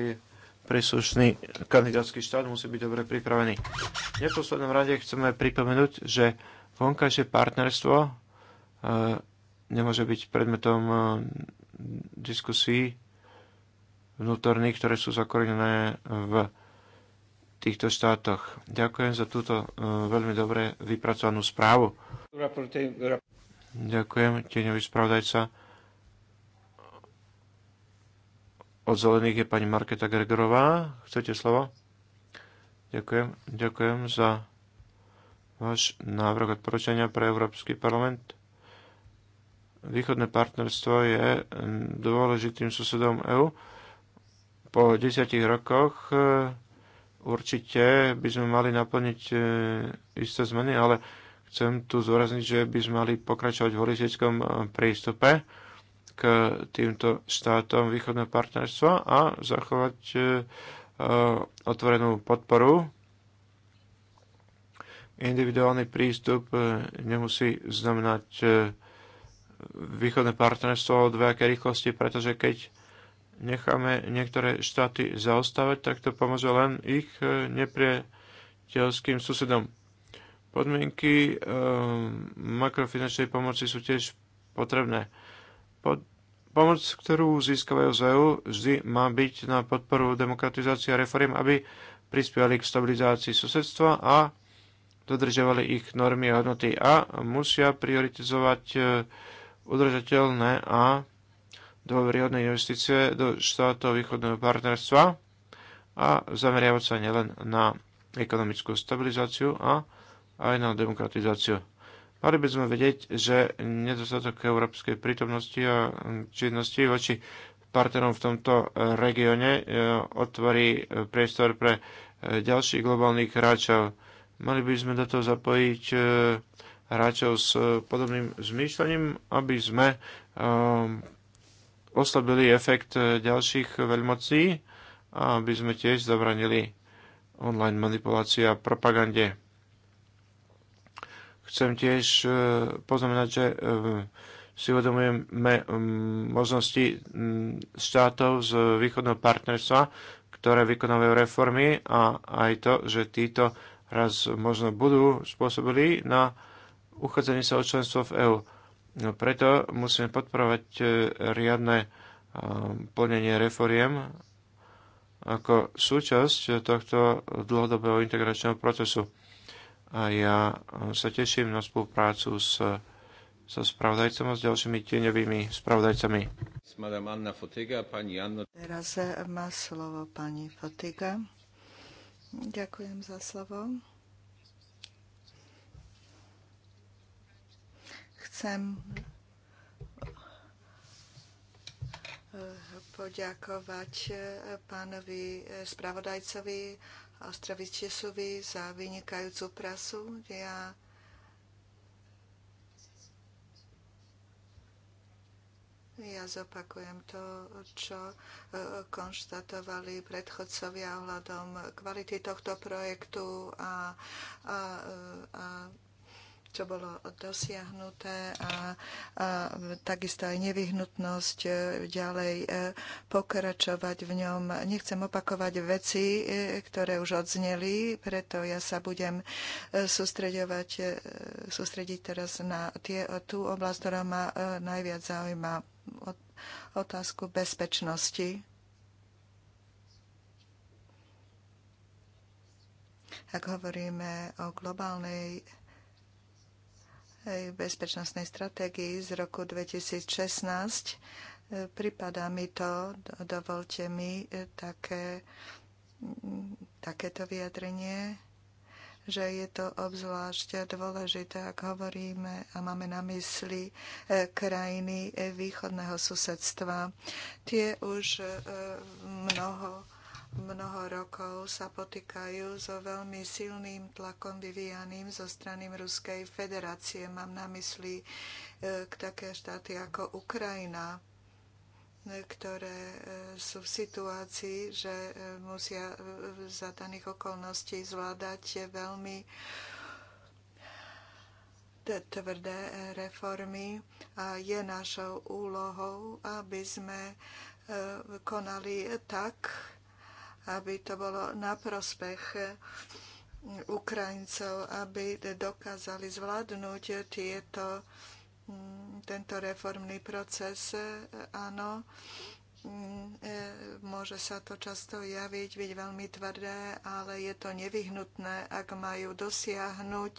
príslušný kandidátsky štát musí byť dobre pripravený. V neposlednom rade chceme pripomenúť, že vonkajšie partnerstvo e, nemôže byť predmetom e, diskusí vnútorných, ktoré sú zakorenené v týchto štátoch. Ďakujem za túto e, veľmi dobre vypracovanú správu. Ďakujem, tieňový spravodajca. Od zelených je pani Marketa Gregorová. Chcete slovo? Ďakujem. Ďakujem za váš návrh odporúčania pre Európsky parlament. Východné partnerstvo je dôležitým susedom EÚ. Po desiatich rokoch e, Určite by sme mali naplniť e, isté zmeny, ale chcem tu zúrazniť, že by sme mali pokračovať v holistickom e, prístupe k týmto štátom východného partnerstva a zachovať e, otvorenú podporu. Individuálny prístup nemusí znamenať východné partnerstvo o dvojakej rýchlosti, pretože keď necháme niektoré štáty zaostávať, tak to pomôže len ich e, nepriateľským susedom. Podmienky e, makrofinančnej pomoci sú tiež potrebné. Pod, pomoc, ktorú získavajú z EU, vždy má byť na podporu demokratizácie a reform, aby prispievali k stabilizácii susedstva a dodržiavali ich normy a hodnoty a musia prioritizovať e, udržateľné a dôveryhodné investície do štátov východného partnerstva a zameriavať sa nielen na ekonomickú stabilizáciu a aj na demokratizáciu. Mali by sme vedieť, že nedostatok európskej prítomnosti a činnosti voči partnerom v tomto regióne e, otvorí e, priestor pre e, ďalších globálnych hráčov. Mali by sme do toho zapojiť hráčov s podobným zmýšľaním, aby sme oslabili efekt e, ďalších veľmocí, aby sme tiež zabranili online manipulácii a propagande. Chcem tiež e, poznamenať, že e, si uvedomujeme možnosti štátov z východného partnerstva, ktoré vykonávajú reformy a aj to, že títo raz možno budú spôsobili na uchádzanie sa o členstvo v EÚ. No preto musíme podporovať e, riadne e, plnenie reforiem ako súčasť tohto dlhodobého integračného procesu. A ja e, sa teším na spoluprácu s, so spravodajcom a s ďalšími tieňovými spravodajcami.
Teraz má slovo pani Fotiga. Ďakujem za slovo. Chcem eh, poďakovať eh, pánovi eh, spravodajcovi Ostrovičesovi za vynikajúcu prasu. Ja Ja zopakujem to, čo konštatovali predchodcovia ohľadom kvality tohto projektu a, a, a čo bolo dosiahnuté a, a takisto aj nevyhnutnosť e, ďalej e, pokračovať v ňom. Nechcem opakovať veci, e, ktoré už odzneli, preto ja sa budem sústredovať, sústrediť teraz na tie, tú oblasť, ktorá ma najviac zaujíma otázku bezpečnosti ak hovoríme o globálnej bezpečnostnej stratégii z roku 2016. Pripadá mi to, dovolte mi e, také, takéto vyjadrenie, že je to obzvlášť dôležité, ak hovoríme a máme na mysli e, krajiny e, východného susedstva. Tie už mnoho mnoho rokov sa potýkajú so veľmi silným tlakom vyvíjaným zo strany Ruskej federácie. Mám na mysli e, k také štáty ako Ukrajina, e, ktoré e, sú v situácii, že musia za daných okolností zvládať veľmi tvrdé reformy a je našou úlohou, aby sme konali tak, aby to bolo na prospech Ukrajincov, aby dokázali zvládnuť tieto, mm, tento reformný proces. Áno, mm, e, môže sa to často javiť, byť veľmi tvrdé, ale je to nevyhnutné, ak majú dosiahnuť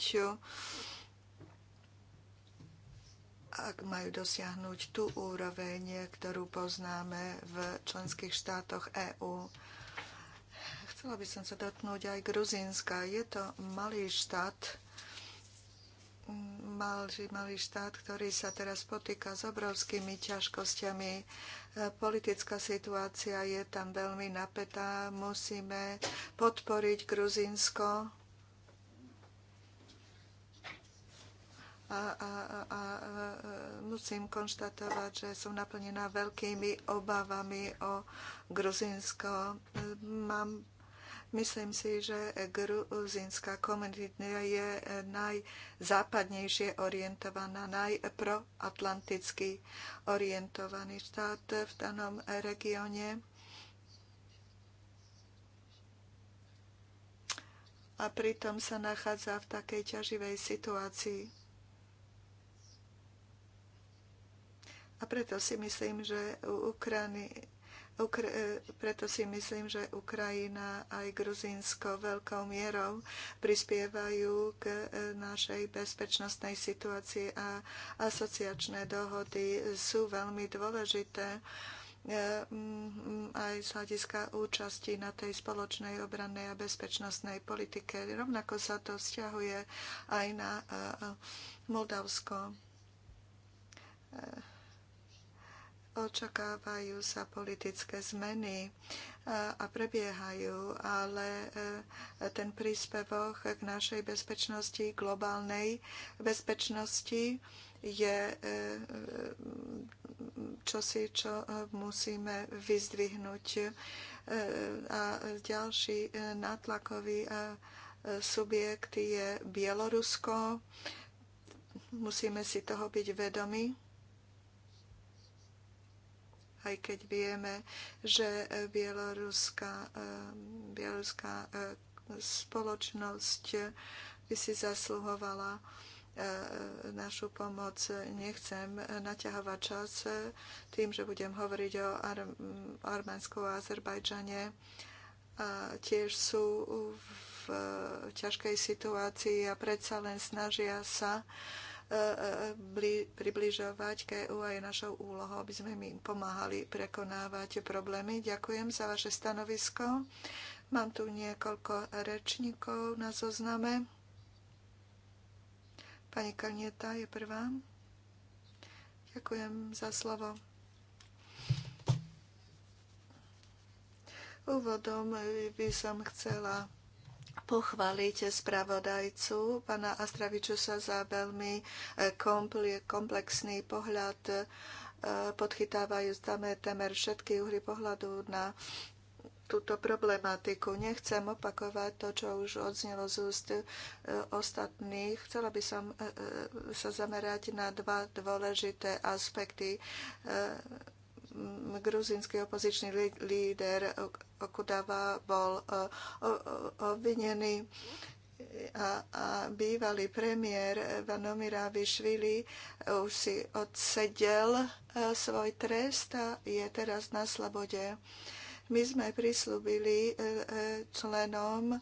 ak majú dosiahnuť tú úroveň, ktorú poznáme v členských štátoch EÚ. Chcela by som sa dotknúť aj Gruzínska. Je to malý štát, malý, malý štát, ktorý sa teraz potýka s obrovskými ťažkosťami. Politická situácia je tam veľmi napätá. Musíme podporiť Gruzínsko. A, a, a, a musím konštatovať, že som naplnená veľkými obavami o Gruzínsko. Mám Myslím si, že gruzínska komunita je najzápadnejšie orientovaná, najproatlanticky orientovaný štát v danom regióne. A pritom sa nachádza v takej ťaživej situácii. A preto si myslím, že Ukrajiny E, preto si myslím, že Ukrajina aj Gruzínsko veľkou mierou prispievajú k e, našej bezpečnostnej situácii a asociačné dohody sú veľmi dôležité e, aj z hľadiska účasti na tej spoločnej obrannej a bezpečnostnej politike. Rovnako sa to vzťahuje aj na Moldavsko očakávajú sa politické zmeny e, a prebiehajú, ale e, ten príspevok k našej bezpečnosti, globálnej bezpečnosti je e, čosi, čo musíme vyzdvihnúť. A ďalší nátlakový subjekt je Bielorusko. Musíme si toho byť vedomi aj keď vieme, že bieloruská, eh, bieloruská eh, spoločnosť eh, by si zasluhovala našu pomoc. Nechcem naťahovať čas tým, že budem hovoriť o Arménsku a Azerbajdžane. Tiež sú v ťažkej situácii a predsa len snažia sa E, e, približovať k EU a je našou úlohou, aby sme im pomáhali prekonávať problémy. Ďakujem za vaše stanovisko. Mám tu niekoľko rečníkov na zozname. Pani Kalnieta je prvá. Ďakujem za slovo. Úvodom by som chcela pochváliť spravodajcu pana Astravičusa za veľmi e, komplexný pohľad, e, podchytávajú tam temer všetky uhly pohľadu na túto problematiku. Nechcem opakovať to, čo už odznelo z úst e, ostatných. Chcela by som sa zamerať na dva dôležité aspekty gruzínsky opozičný líder Okudava bol e, obvinený a, a bývalý premiér Vanomira Vyšvili už si odsedel e, svoj trest a je teraz na slobode. My sme prislúbili e, členom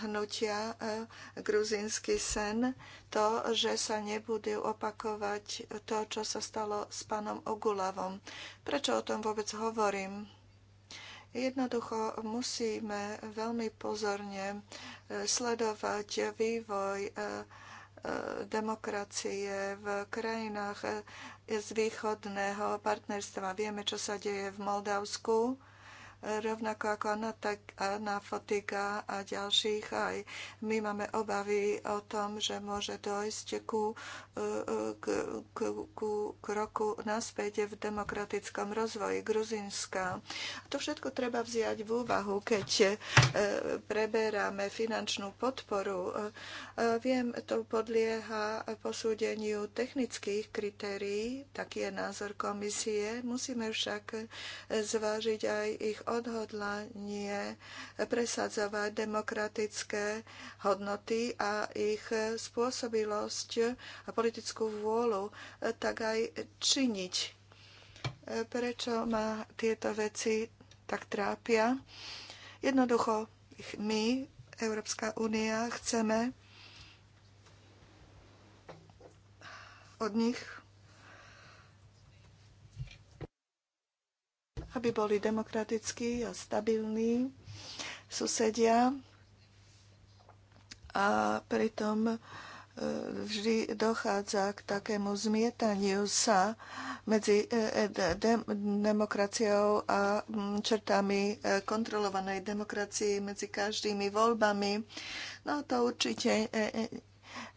hnutia e, Gruzínsky sen, to, že sa nebudú opakovať to, čo sa stalo s pánom Ogulavom. Prečo o tom vôbec hovorím? Jednoducho musíme veľmi pozorne e, sledovať vývoj e, demokracie v krajinách z východného partnerstva. Vieme, čo sa deje v Moldavsku rovnako ako na tak na fotika a ďalších. Aj my máme obavy o tom, že môže dojsť ku k, k, k kroku naspäť v demokratickom rozvoji Gruzinska. To všetko treba vziať v úvahu, keď e, preberáme finančnú podporu. E, e, viem, to podlieha posúdeniu technických kritérií, taký je názor komisie. Musíme však zvážiť aj ich odhodlanie presadzovať demokratické hodnoty a ich spôsobilosť a politickú vôľu, e, tak aj činiť. E, prečo ma tieto veci tak trápia? Jednoducho, my, Európska únia, chceme od nich, aby boli demokratickí a stabilní susedia a pritom vždy dochádza k takému zmietaniu sa medzi e, demokraciou a mm, črtami e, kontrolovanej demokracii, medzi každými voľbami. No to určite e,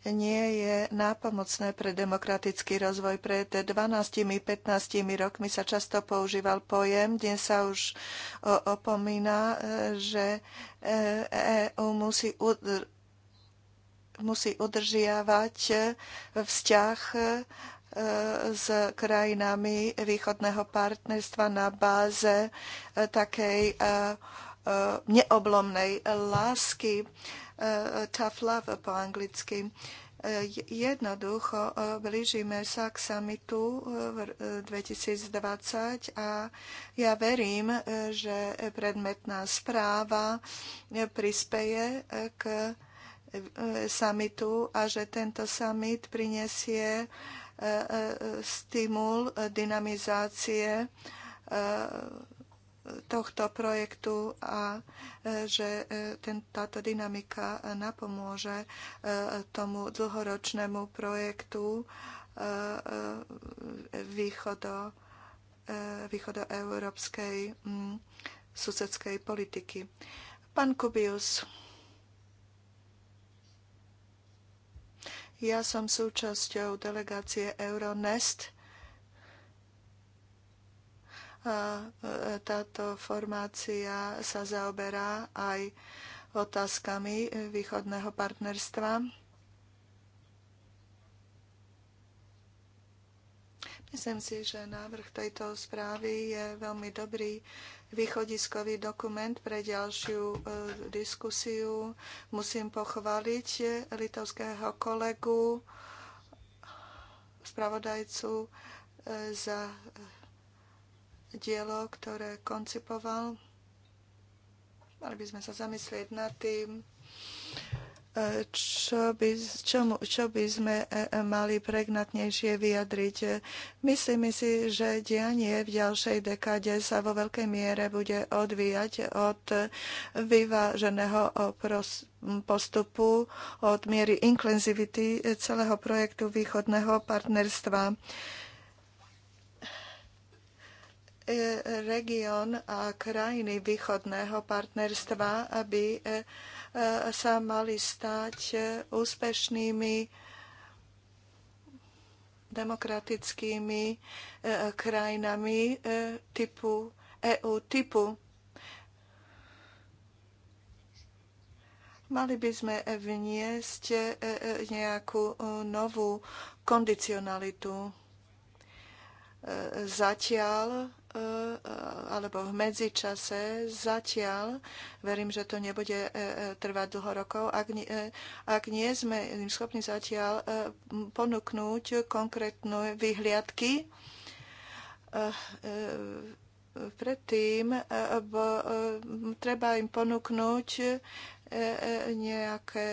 nie je nápomocné pre demokratický rozvoj. Pred 12-15 rokmi sa často používal pojem, kde sa už opomína, že EU musí musí udržiavať vzťah e, s krajinami východného partnerstva na báze e, takej e, neoblomnej lásky, tough love po anglicky. Jednoducho blížime sa k samitu 2020 a ja verím, že predmetná správa prispeje k samitu a že tento summit prinesie e, e, stimul dynamizácie e, tohto projektu a že ten, táto dynamika napomôže tomu dlhoročnému projektu východo, východoeurópskej mm, susedskej politiky. Pán Kubius, Ja som súčasťou delegácie Euronest. A e, táto formácia sa zaoberá aj otázkami východného partnerstva. Myslím si, že návrh tejto správy je veľmi dobrý východiskový dokument pre ďalšiu e, diskusiu. Musím pochváliť litovského kolegu, spravodajcu e, za dielo, ktoré koncipoval. Mali by sme sa zamyslieť nad tým, čo by, čomu, čo by sme e, e, mali pregnatnejšie vyjadriť. Myslím si, že dianie v ďalšej dekáde sa vo veľkej miere bude odvíjať od vyváženého postupu, od miery inklenzivity celého projektu východného partnerstva e, Region a krajiny východného partnerstva, aby E, sa mali stať e, úspešnými demokratickými e, krajinami typu EU typu. Mali by sme vniesť nejakú novú kondicionalitu. Zatiaľ E, alebo v medzičase zatiaľ, verím, že to nebude e, e, trvať dlho rokov, ak nie, ak nie sme im schopní zatiaľ ponúknúť konkrétne vyhliadky, predtým treba im ponúknuť nejaké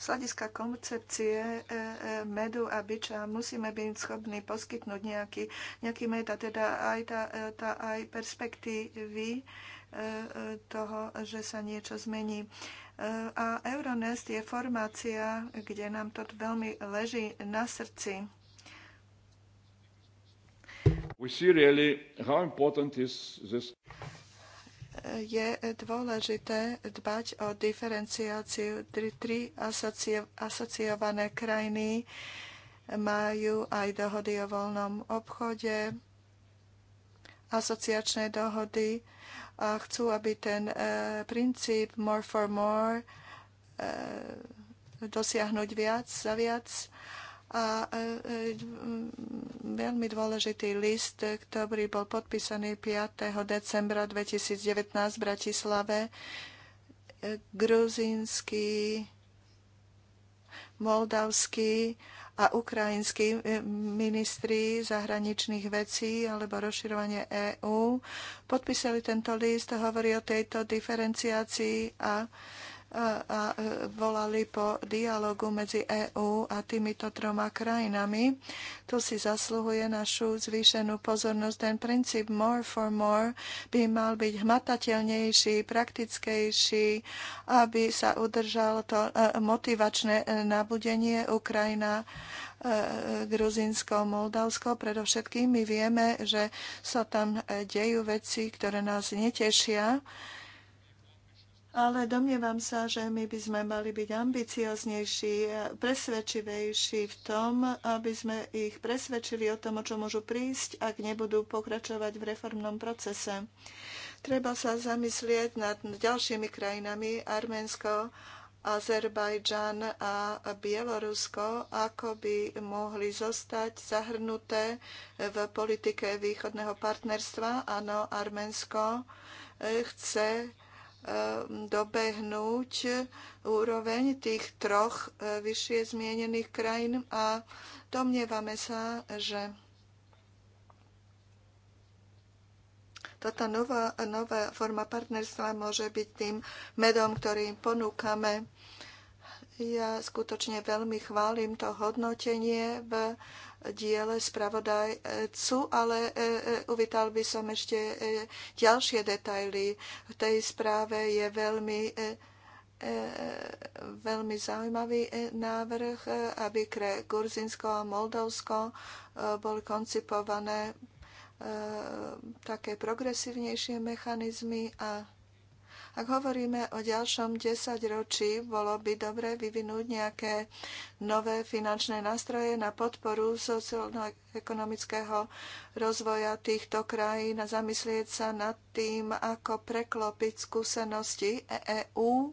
Z hľadiska koncepcie e, e, medu a byča musíme byť schopní poskytnúť nejaký, nejaký med a teda aj, tá, e, tá, aj perspektívy toho, že sa niečo zmení. A Euronest je formácia, kde nám to veľmi leží na srdci. We see really how important is this je dôležité dbať o diferenciáciu. Tri, tri asocio, asociované krajiny majú aj dohody o voľnom obchode, asociačné dohody a chcú, aby ten e, princíp more for more e, dosiahnuť viac za viac a e, e, veľmi dôležitý list, ktorý bol podpísaný 5. decembra 2019 v Bratislave, gruzínsky, moldavský a ukrajinskí e, ministri zahraničných vecí alebo rozširovanie EÚ podpísali tento list, hovorí o tejto diferenciácii a a e, volali po dialogu medzi EÚ a týmito troma krajinami. To si zasluhuje našu zvýšenú pozornosť. Ten princíp more for more by mal byť hmatateľnejší, praktickejší, aby sa udržalo to e, motivačné e, nabudenie Ukrajina Gruzinsko, Moldavsko. Predovšetkým my vieme, že sa tam dejú veci, ktoré nás netešia ale domnievam sa, že my by sme mali byť ambicioznejší, presvedčivejší v tom, aby sme ich presvedčili o tom, o čo môžu prísť, ak nebudú pokračovať v reformnom procese. Treba sa zamyslieť nad ďalšími krajinami, Arménsko, Azerbajdžan a Bielorusko, ako by mohli zostať zahrnuté v politike východného partnerstva. Áno, Arménsko chce Ehm, dobehnúť úroveň tých troch e, vyššie zmienených krajín a domnievame sa, že táto nová, nová forma partnerstva môže byť tým medom, ktorý im ponúkame. Ja skutočne veľmi chválim to hodnotenie v diele spravodajcu, ale e, e, uvítal by som ešte e, ďalšie detaily. V tej správe je veľmi veľmi zaujímavý návrh, aby kre Gurzinsko a Moldavsko boli koncipované také progresívnejšie mechanizmy a ak hovoríme o ďalšom desaťročí, bolo by dobre vyvinúť nejaké nové finančné nástroje na podporu sociálno-ekonomického rozvoja týchto krajín a zamyslieť sa nad tým, ako preklopiť skúsenosti EÚ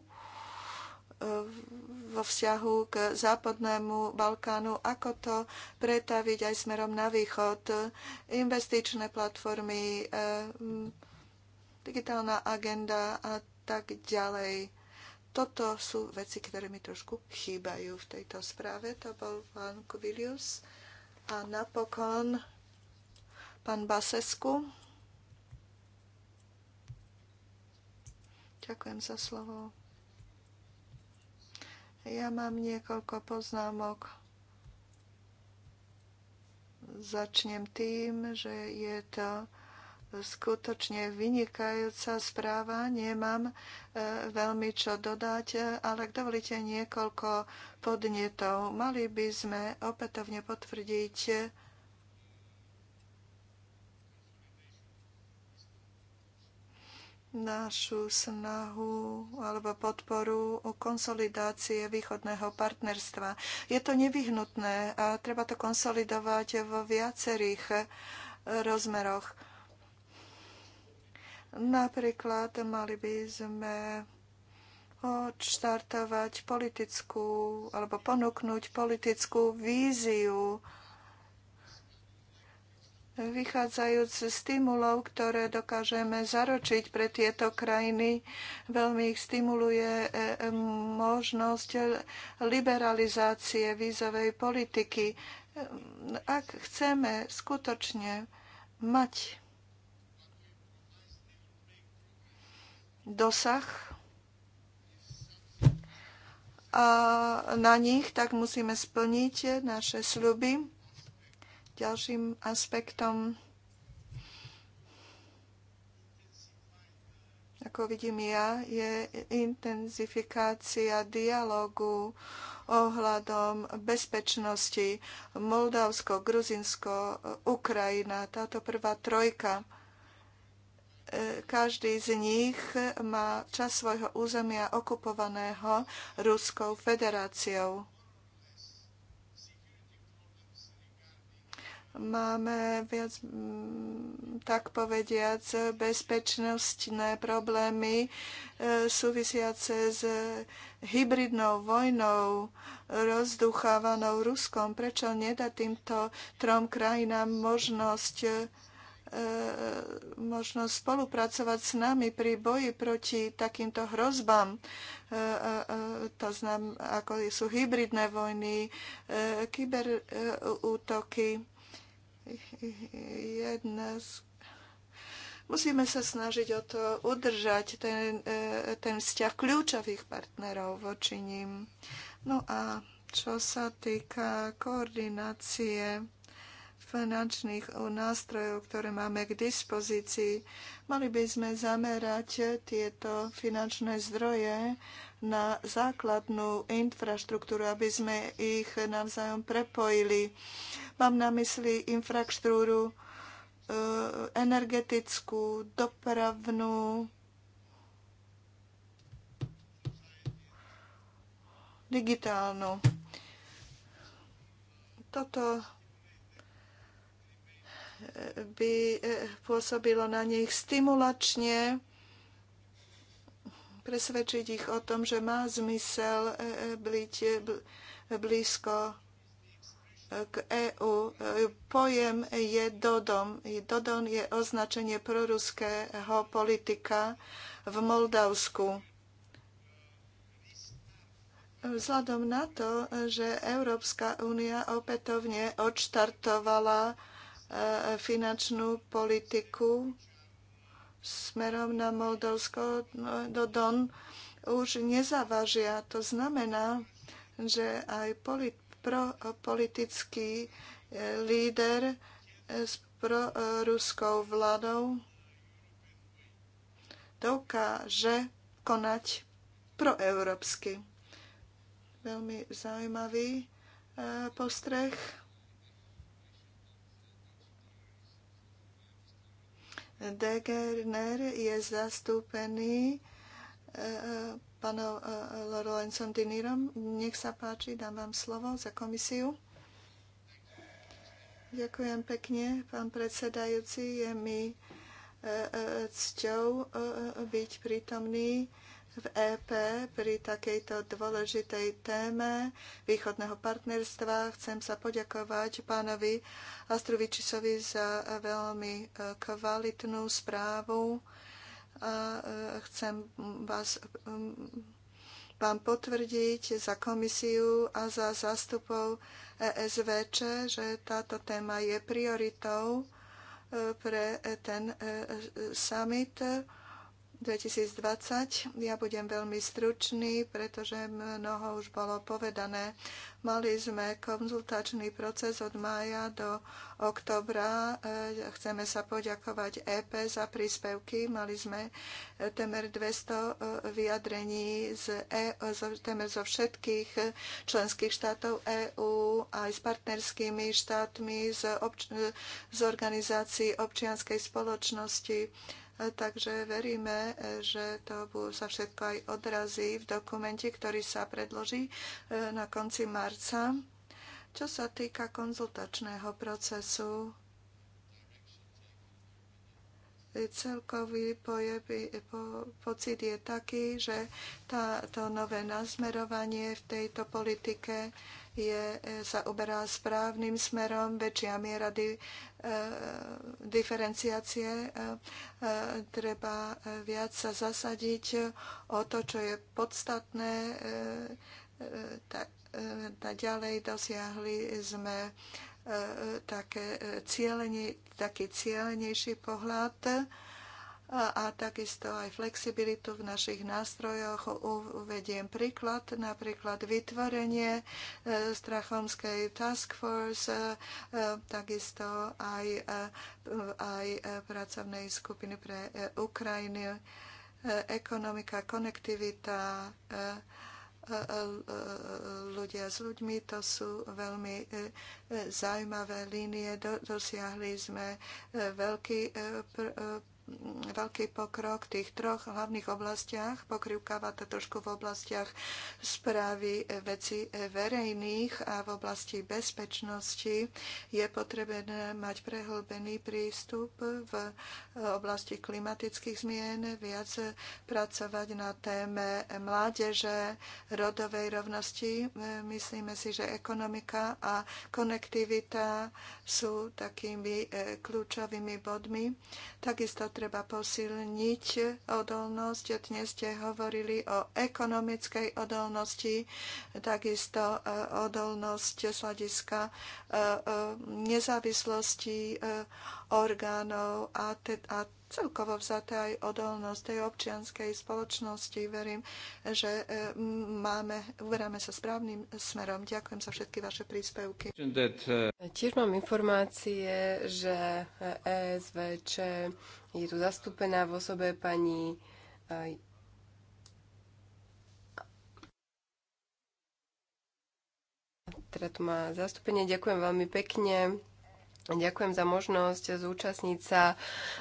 e e, vo vzťahu k západnému Balkánu, ako to pretaviť aj smerom na východ, investičné platformy, e, digitálna agenda a tak ďalej. Toto sú veci, ktoré mi trošku chýbajú v tejto správe. To bol pán Kubilius. A napokon pán Basesku. Ďakujem za slovo. Ja mám niekoľko poznámok. Začnem tým, že je to skutočne vynikajúca správa. Nemám e, veľmi čo dodať, e, ale ak dovolíte niekoľko podnetov, mali by sme opätovne potvrdiť e, našu snahu alebo podporu o konsolidácie východného partnerstva. Je to nevyhnutné a treba to konsolidovať vo viacerých rozmeroch Napríklad mali by sme odštartovať politickú alebo ponúknuť politickú víziu vychádzajúc z stimulov, ktoré dokážeme zaročiť pre tieto krajiny. Veľmi ich stimuluje e, e, možnosť liberalizácie vízovej politiky. Ak chceme skutočne mať dosah na nich, tak musíme splniť naše sľuby. Ďalším aspektom, ako vidím ja, je intenzifikácia dialogu ohľadom bezpečnosti Moldavsko, Gruzinsko, Ukrajina, táto prvá trojka E, každý z nich má čas svojho územia okupovaného Ruskou federáciou. Máme viac, tak povediac, bezpečnostné problémy e, súvisiace s hybridnou vojnou rozduchávanou Ruskom. Prečo nedá týmto trom krajinám možnosť E, možno spolupracovať s nami pri boji proti takýmto hrozbám. E, e, to znam, ako sú hybridné vojny, kyberútoky. Jedna z Musíme sa snažiť o to udržať ten, ten vzťah kľúčových partnerov voči ním. No a čo sa týka koordinácie finančných nástrojov, ktoré máme k dispozícii. Mali by sme zamerať tieto finančné zdroje na základnú infraštruktúru, aby sme ich navzájom prepojili. Mám na mysli infraštruktúru e, energetickú, dopravnú, digitálnu. Toto by e, pôsobilo na nich stimulačne, presvedčiť ich o tom, že má zmysel e, e, byť blízko k EÚ. Pojem je Dodon. Dodon je označenie proruského politika v Moldavsku. Vzhľadom na to, že Európska únia opätovne odštartovala finančnú politiku smerom na Moldavsko no, do Don už nezavažia. To znamená, že aj polit, propolitický e, líder e, s proruskou vládou dokáže konať proeurópsky. Veľmi zaujímavý e, postreh. Degerner je zastúpený e, e, pánom e, Lorencom Dinírom. Nech sa páči, dám vám slovo za komisiu. Ďakujem pekne, pán predsedajúci. Je mi cťou byť prítomný v EP pri takejto dôležitej téme východného partnerstva. Chcem sa poďakovať pánovi Astrovičisovi za veľmi e, kvalitnú správu a e, chcem vás vám potvrdiť za komisiu a za zástupov ESVČ, že táto téma je prioritou e, pre ten summit 2020. Ja budem veľmi stručný, pretože mnoho už bolo povedané. Mali sme konzultačný proces od mája do oktobra. E, chceme sa poďakovať EP za príspevky. Mali sme e, temer 200 e, vyjadrení z temer zo všetkých členských štátov EÚ, aj s partnerskými štátmi, z, obč- z organizácií občianskej spoločnosti takže veríme, že to sa všetko aj odrazí v dokumente, ktorý sa predloží e, na konci marca. Čo sa týka konzultačného procesu, e, celkový pojeby, e, po, pocit je taký, že tá, to nové nasmerovanie v tejto politike je, sa uberá správnym smerom, väčšia miera di, E, diferenciácie e, e, treba viac sa zasadiť o to, čo je podstatné. Naďalej dosiahli sme také cieľenie, taký cieľenejší pohľad a, a takisto aj flexibilitu v našich nástrojoch. Uvediem príklad, napríklad vytvorenie e, strachomskej task force, e, e, takisto aj, aj pracovnej skupiny pre Ukrajinu, ekonomika, konektivita, ľudia s ľuďmi. To sú veľmi zaujímavé línie. Dosiahli sme veľký veľký pokrok v tých troch hlavných oblastiach. Pokrivkáva to trošku v oblastiach správy veci verejných a v oblasti bezpečnosti. Je potrebné mať prehlbený prístup v oblasti klimatických zmien, viac pracovať na téme mládeže, rodovej rovnosti. Myslíme si, že ekonomika a konektivita sú takými eh, kľúčovými bodmi. Takisto treba posilniť odolnosť. Dnes ste hovorili o ekonomickej odolnosti, takisto e, odolnosť z hľadiska e, e, nezávislosti orgánov a, te, a celkovo vzaté aj odolnosť tej občianskej spoločnosti. Verím, že máme, uberáme sa správnym smerom. Ďakujem za všetky
vaše príspevky. Uh, Tiež mám informácie, že ESVČ je tu zastúpená v osobe pani teda tu má zastúpenie. Ďakujem veľmi pekne. Ďakujem za možnosť zúčastniť sa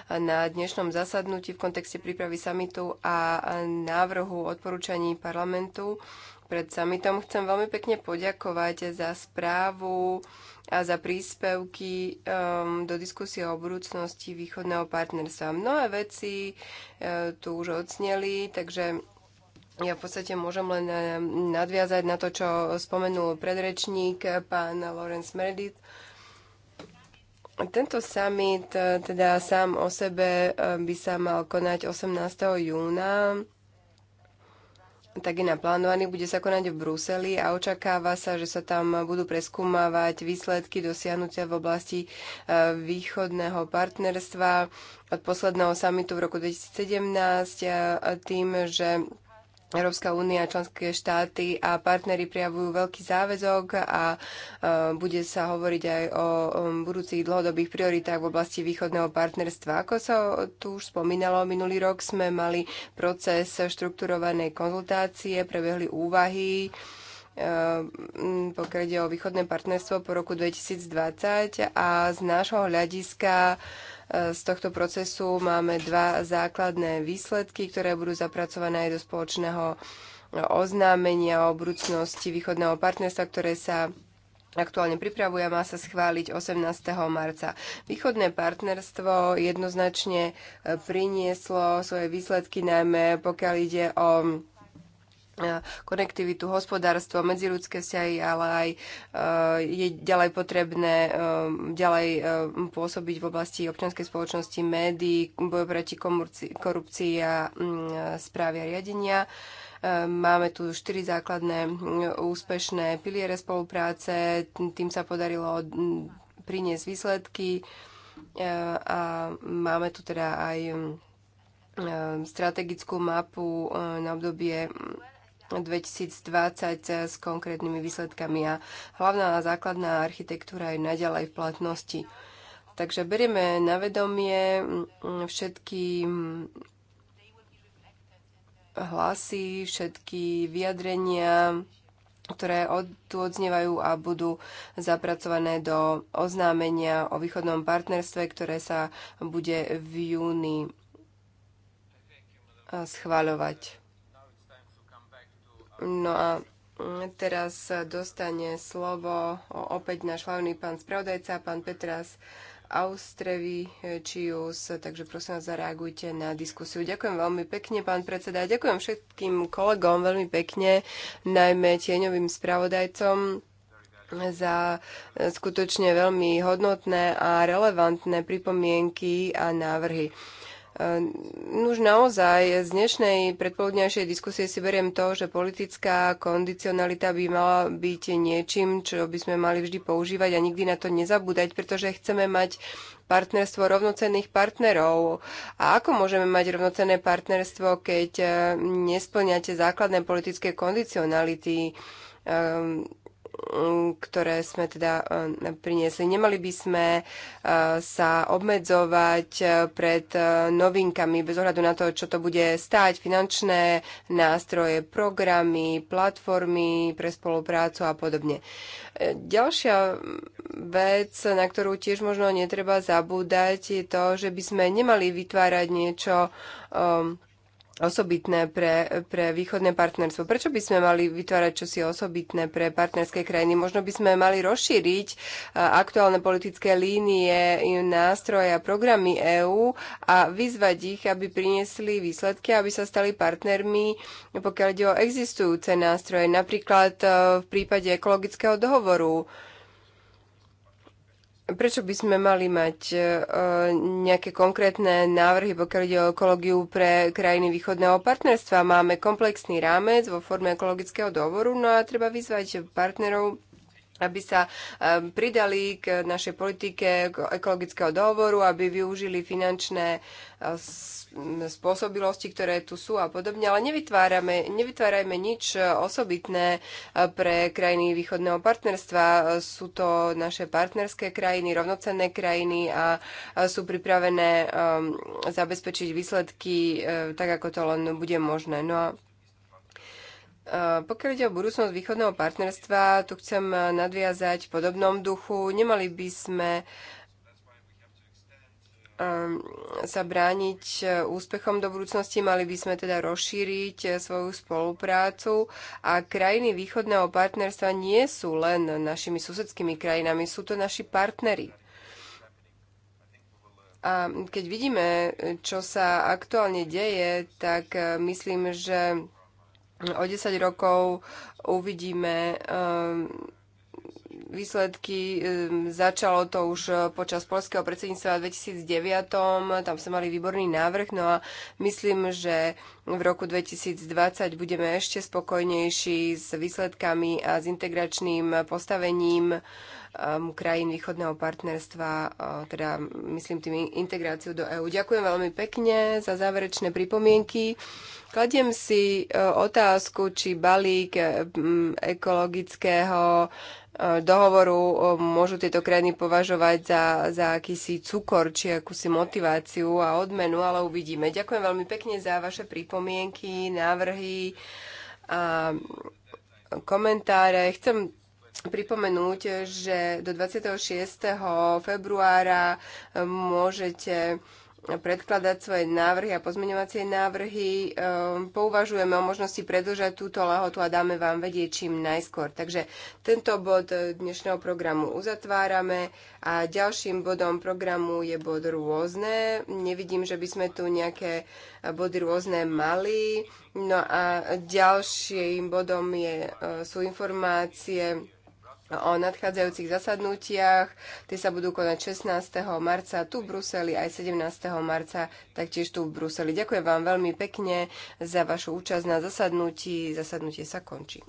na dnešnom zasadnutí v kontexte prípravy samitu a návrhu odporúčaní parlamentu. Pred samitom chcem veľmi pekne poďakovať za správu a za príspevky um, do diskusie o budúcnosti východného partnerstva. Mnohé veci uh, tu už odsneli, takže ja v podstate môžem len uh, nadviazať na to, čo spomenul predrečník pán Lawrence Meredith. Tento summit, uh, teda sám o sebe, uh, by sa mal konať 18. júna tak je naplánovaný, bude sa konať v Bruseli a očakáva sa, že sa tam budú preskúmavať výsledky dosiahnutia v oblasti e, východného partnerstva od posledného samitu v roku 2017 e, tým, že Európska únia, členské štáty a partnery prijavujú veľký záväzok a e, bude sa hovoriť aj o budúcich dlhodobých prioritách v oblasti východného partnerstva. Ako sa tu už spomínalo, minulý rok sme mali proces štrukturovanej konzultácie, prebehli úvahy Ehm, pokiaľ ide o východné partnerstvo po roku 2020 a z nášho hľadiska e, z tohto procesu máme dva základné výsledky, ktoré budú zapracované aj do spoločného oznámenia o budúcnosti východného partnerstva, ktoré sa aktuálne pripravuje a má sa schváliť 18. marca. Východné partnerstvo jednoznačne e, prinieslo svoje výsledky najmä pokiaľ ide o E, konektivitu, hospodárstvo, medziludské vzťahy, ale aj e, je ďalej potrebné e, ďalej pôsobiť v oblasti občianskej spoločnosti, médií, boju proti korupcii a mm, správy a riadenia. Máme tu štyri základné úspešné piliere spolupráce, tým sa podarilo priniesť výsledky a máme tu teda aj strategickú mapu na obdobie 2020 s konkrétnymi výsledkami a hlavná a základná architektúra je naďalej v platnosti. Takže berieme na vedomie mm, všetky mm, hlasy, všetky vyjadrenia, ktoré od, tu odznievajú a budú zapracované do oznámenia o východnom partnerstve, ktoré sa bude v júni schváľovať. No a mm, teraz dostane slovo opäť náš hlavný pán spravodajca, pán Petras Austrevičius, e, takže prosím vás zareagujte na diskusiu. Ďakujem veľmi pekne, pán predseda, ďakujem všetkým kolegom veľmi pekne, najmä tieňovým spravodajcom za e, skutočne veľmi hodnotné a relevantné pripomienky a návrhy. Ehm, Už naozaj z dnešnej predpoludňajšej diskusie si beriem to, že politická kondicionalita by mala byť niečím, čo by sme mali vždy používať a nikdy na to nezabúdať, pretože chceme mať partnerstvo rovnocenných partnerov. A ako môžeme mať rovnocenné partnerstvo, keď ehm, nesplňate základné politické kondicionality? Ehm, Um, ktoré sme teda uh, priniesli. Nemali by sme uh, sa obmedzovať uh, pred novinkami bez ohľadu na to, čo to bude stáť, finančné nástroje, programy, platformy pre spoluprácu a podobne. Ďalšia vec, na ktorú tiež možno netreba zabúdať, je to, že by sme nemali vytvárať niečo um, osobitné pre, pre východné partnerstvo. Prečo by sme mali vytvárať čosi osobitné pre partnerské krajiny? Možno by sme mali rozšíriť e, aktuálne politické línie, nástroje a programy EÚ a vyzvať ich, aby priniesli výsledky, aby sa stali partnermi, pokiaľ ide o existujúce nástroje, napríklad e, v prípade ekologického dohovoru prečo by sme mali mať e, nejaké konkrétne návrhy, pokiaľ ide o ekológiu pre krajiny východného partnerstva? Máme komplexný rámec vo forme ekologického dohovoru, no a treba vyzvať partnerov, aby sa pridali k našej politike ekologického dohovoru, aby využili finančné e, spôsobilosti, ktoré tu sú a podobne, ale nevytvárame, nevytvárajme nič e, osobitné e, pre krajiny východného partnerstva. Sú to naše partnerské krajiny, rovnocenné krajiny a sú pripravené zabezpečiť výsledky tak, ako to len bude možné. No a Eh, pokiaľ ide o budúcnosť východného partnerstva, tu chcem eh, nadviazať v podobnom duchu. Nemali by sme ehm, sa brániť eh, úspechom do budúcnosti, mali by sme teda rozšíriť svoju spoluprácu a krajiny východného partnerstva nie sú len našimi susedskými krajinami, sú to naši partneri. A keď vidíme, čo sa aktuálne deje, tak myslím, že O 10 rokov uvidíme ehm, výsledky. Ehm, začalo to už e, počas polského predsedníctva v 2009. Tam sme mali výborný návrh, no a myslím, že v roku 2020 budeme ešte spokojnejší s výsledkami a s integračným postavením um, krajín východného partnerstva, uh, teda myslím tým integráciu do EÚ. Ďakujem veľmi pekne za záverečné pripomienky. Kladiem si uh, otázku, či balík um, ekologického uh, dohovoru uh, môžu tieto krajiny považovať za, za akýsi cukor, či akúsi motiváciu a odmenu, ale uvidíme. Ďakujem veľmi pekne za vaše pripomienky, návrhy a komentáre. Chcem pripomenúť, že do 26. februára eh, môžete predkladať svoje návrhy a pozmeňovacie návrhy. Eh, pouvažujeme o možnosti predlžať túto lehotu a dáme vám vedieť čím najskôr. Takže tento bod eh, dnešného programu uzatvárame a ďalším bodom programu je bod rôzne. Nevidím, že by sme tu nejaké body rôzne mali. No a ďalším bodom je, sú informácie o nadchádzajúcich zasadnutiach. Tie sa budú konať 16. marca tu v Bruseli aj 17. marca taktiež tu v Bruseli. Ďakujem vám veľmi pekne za vašu účasť na zasadnutí. Zasadnutie sa končí.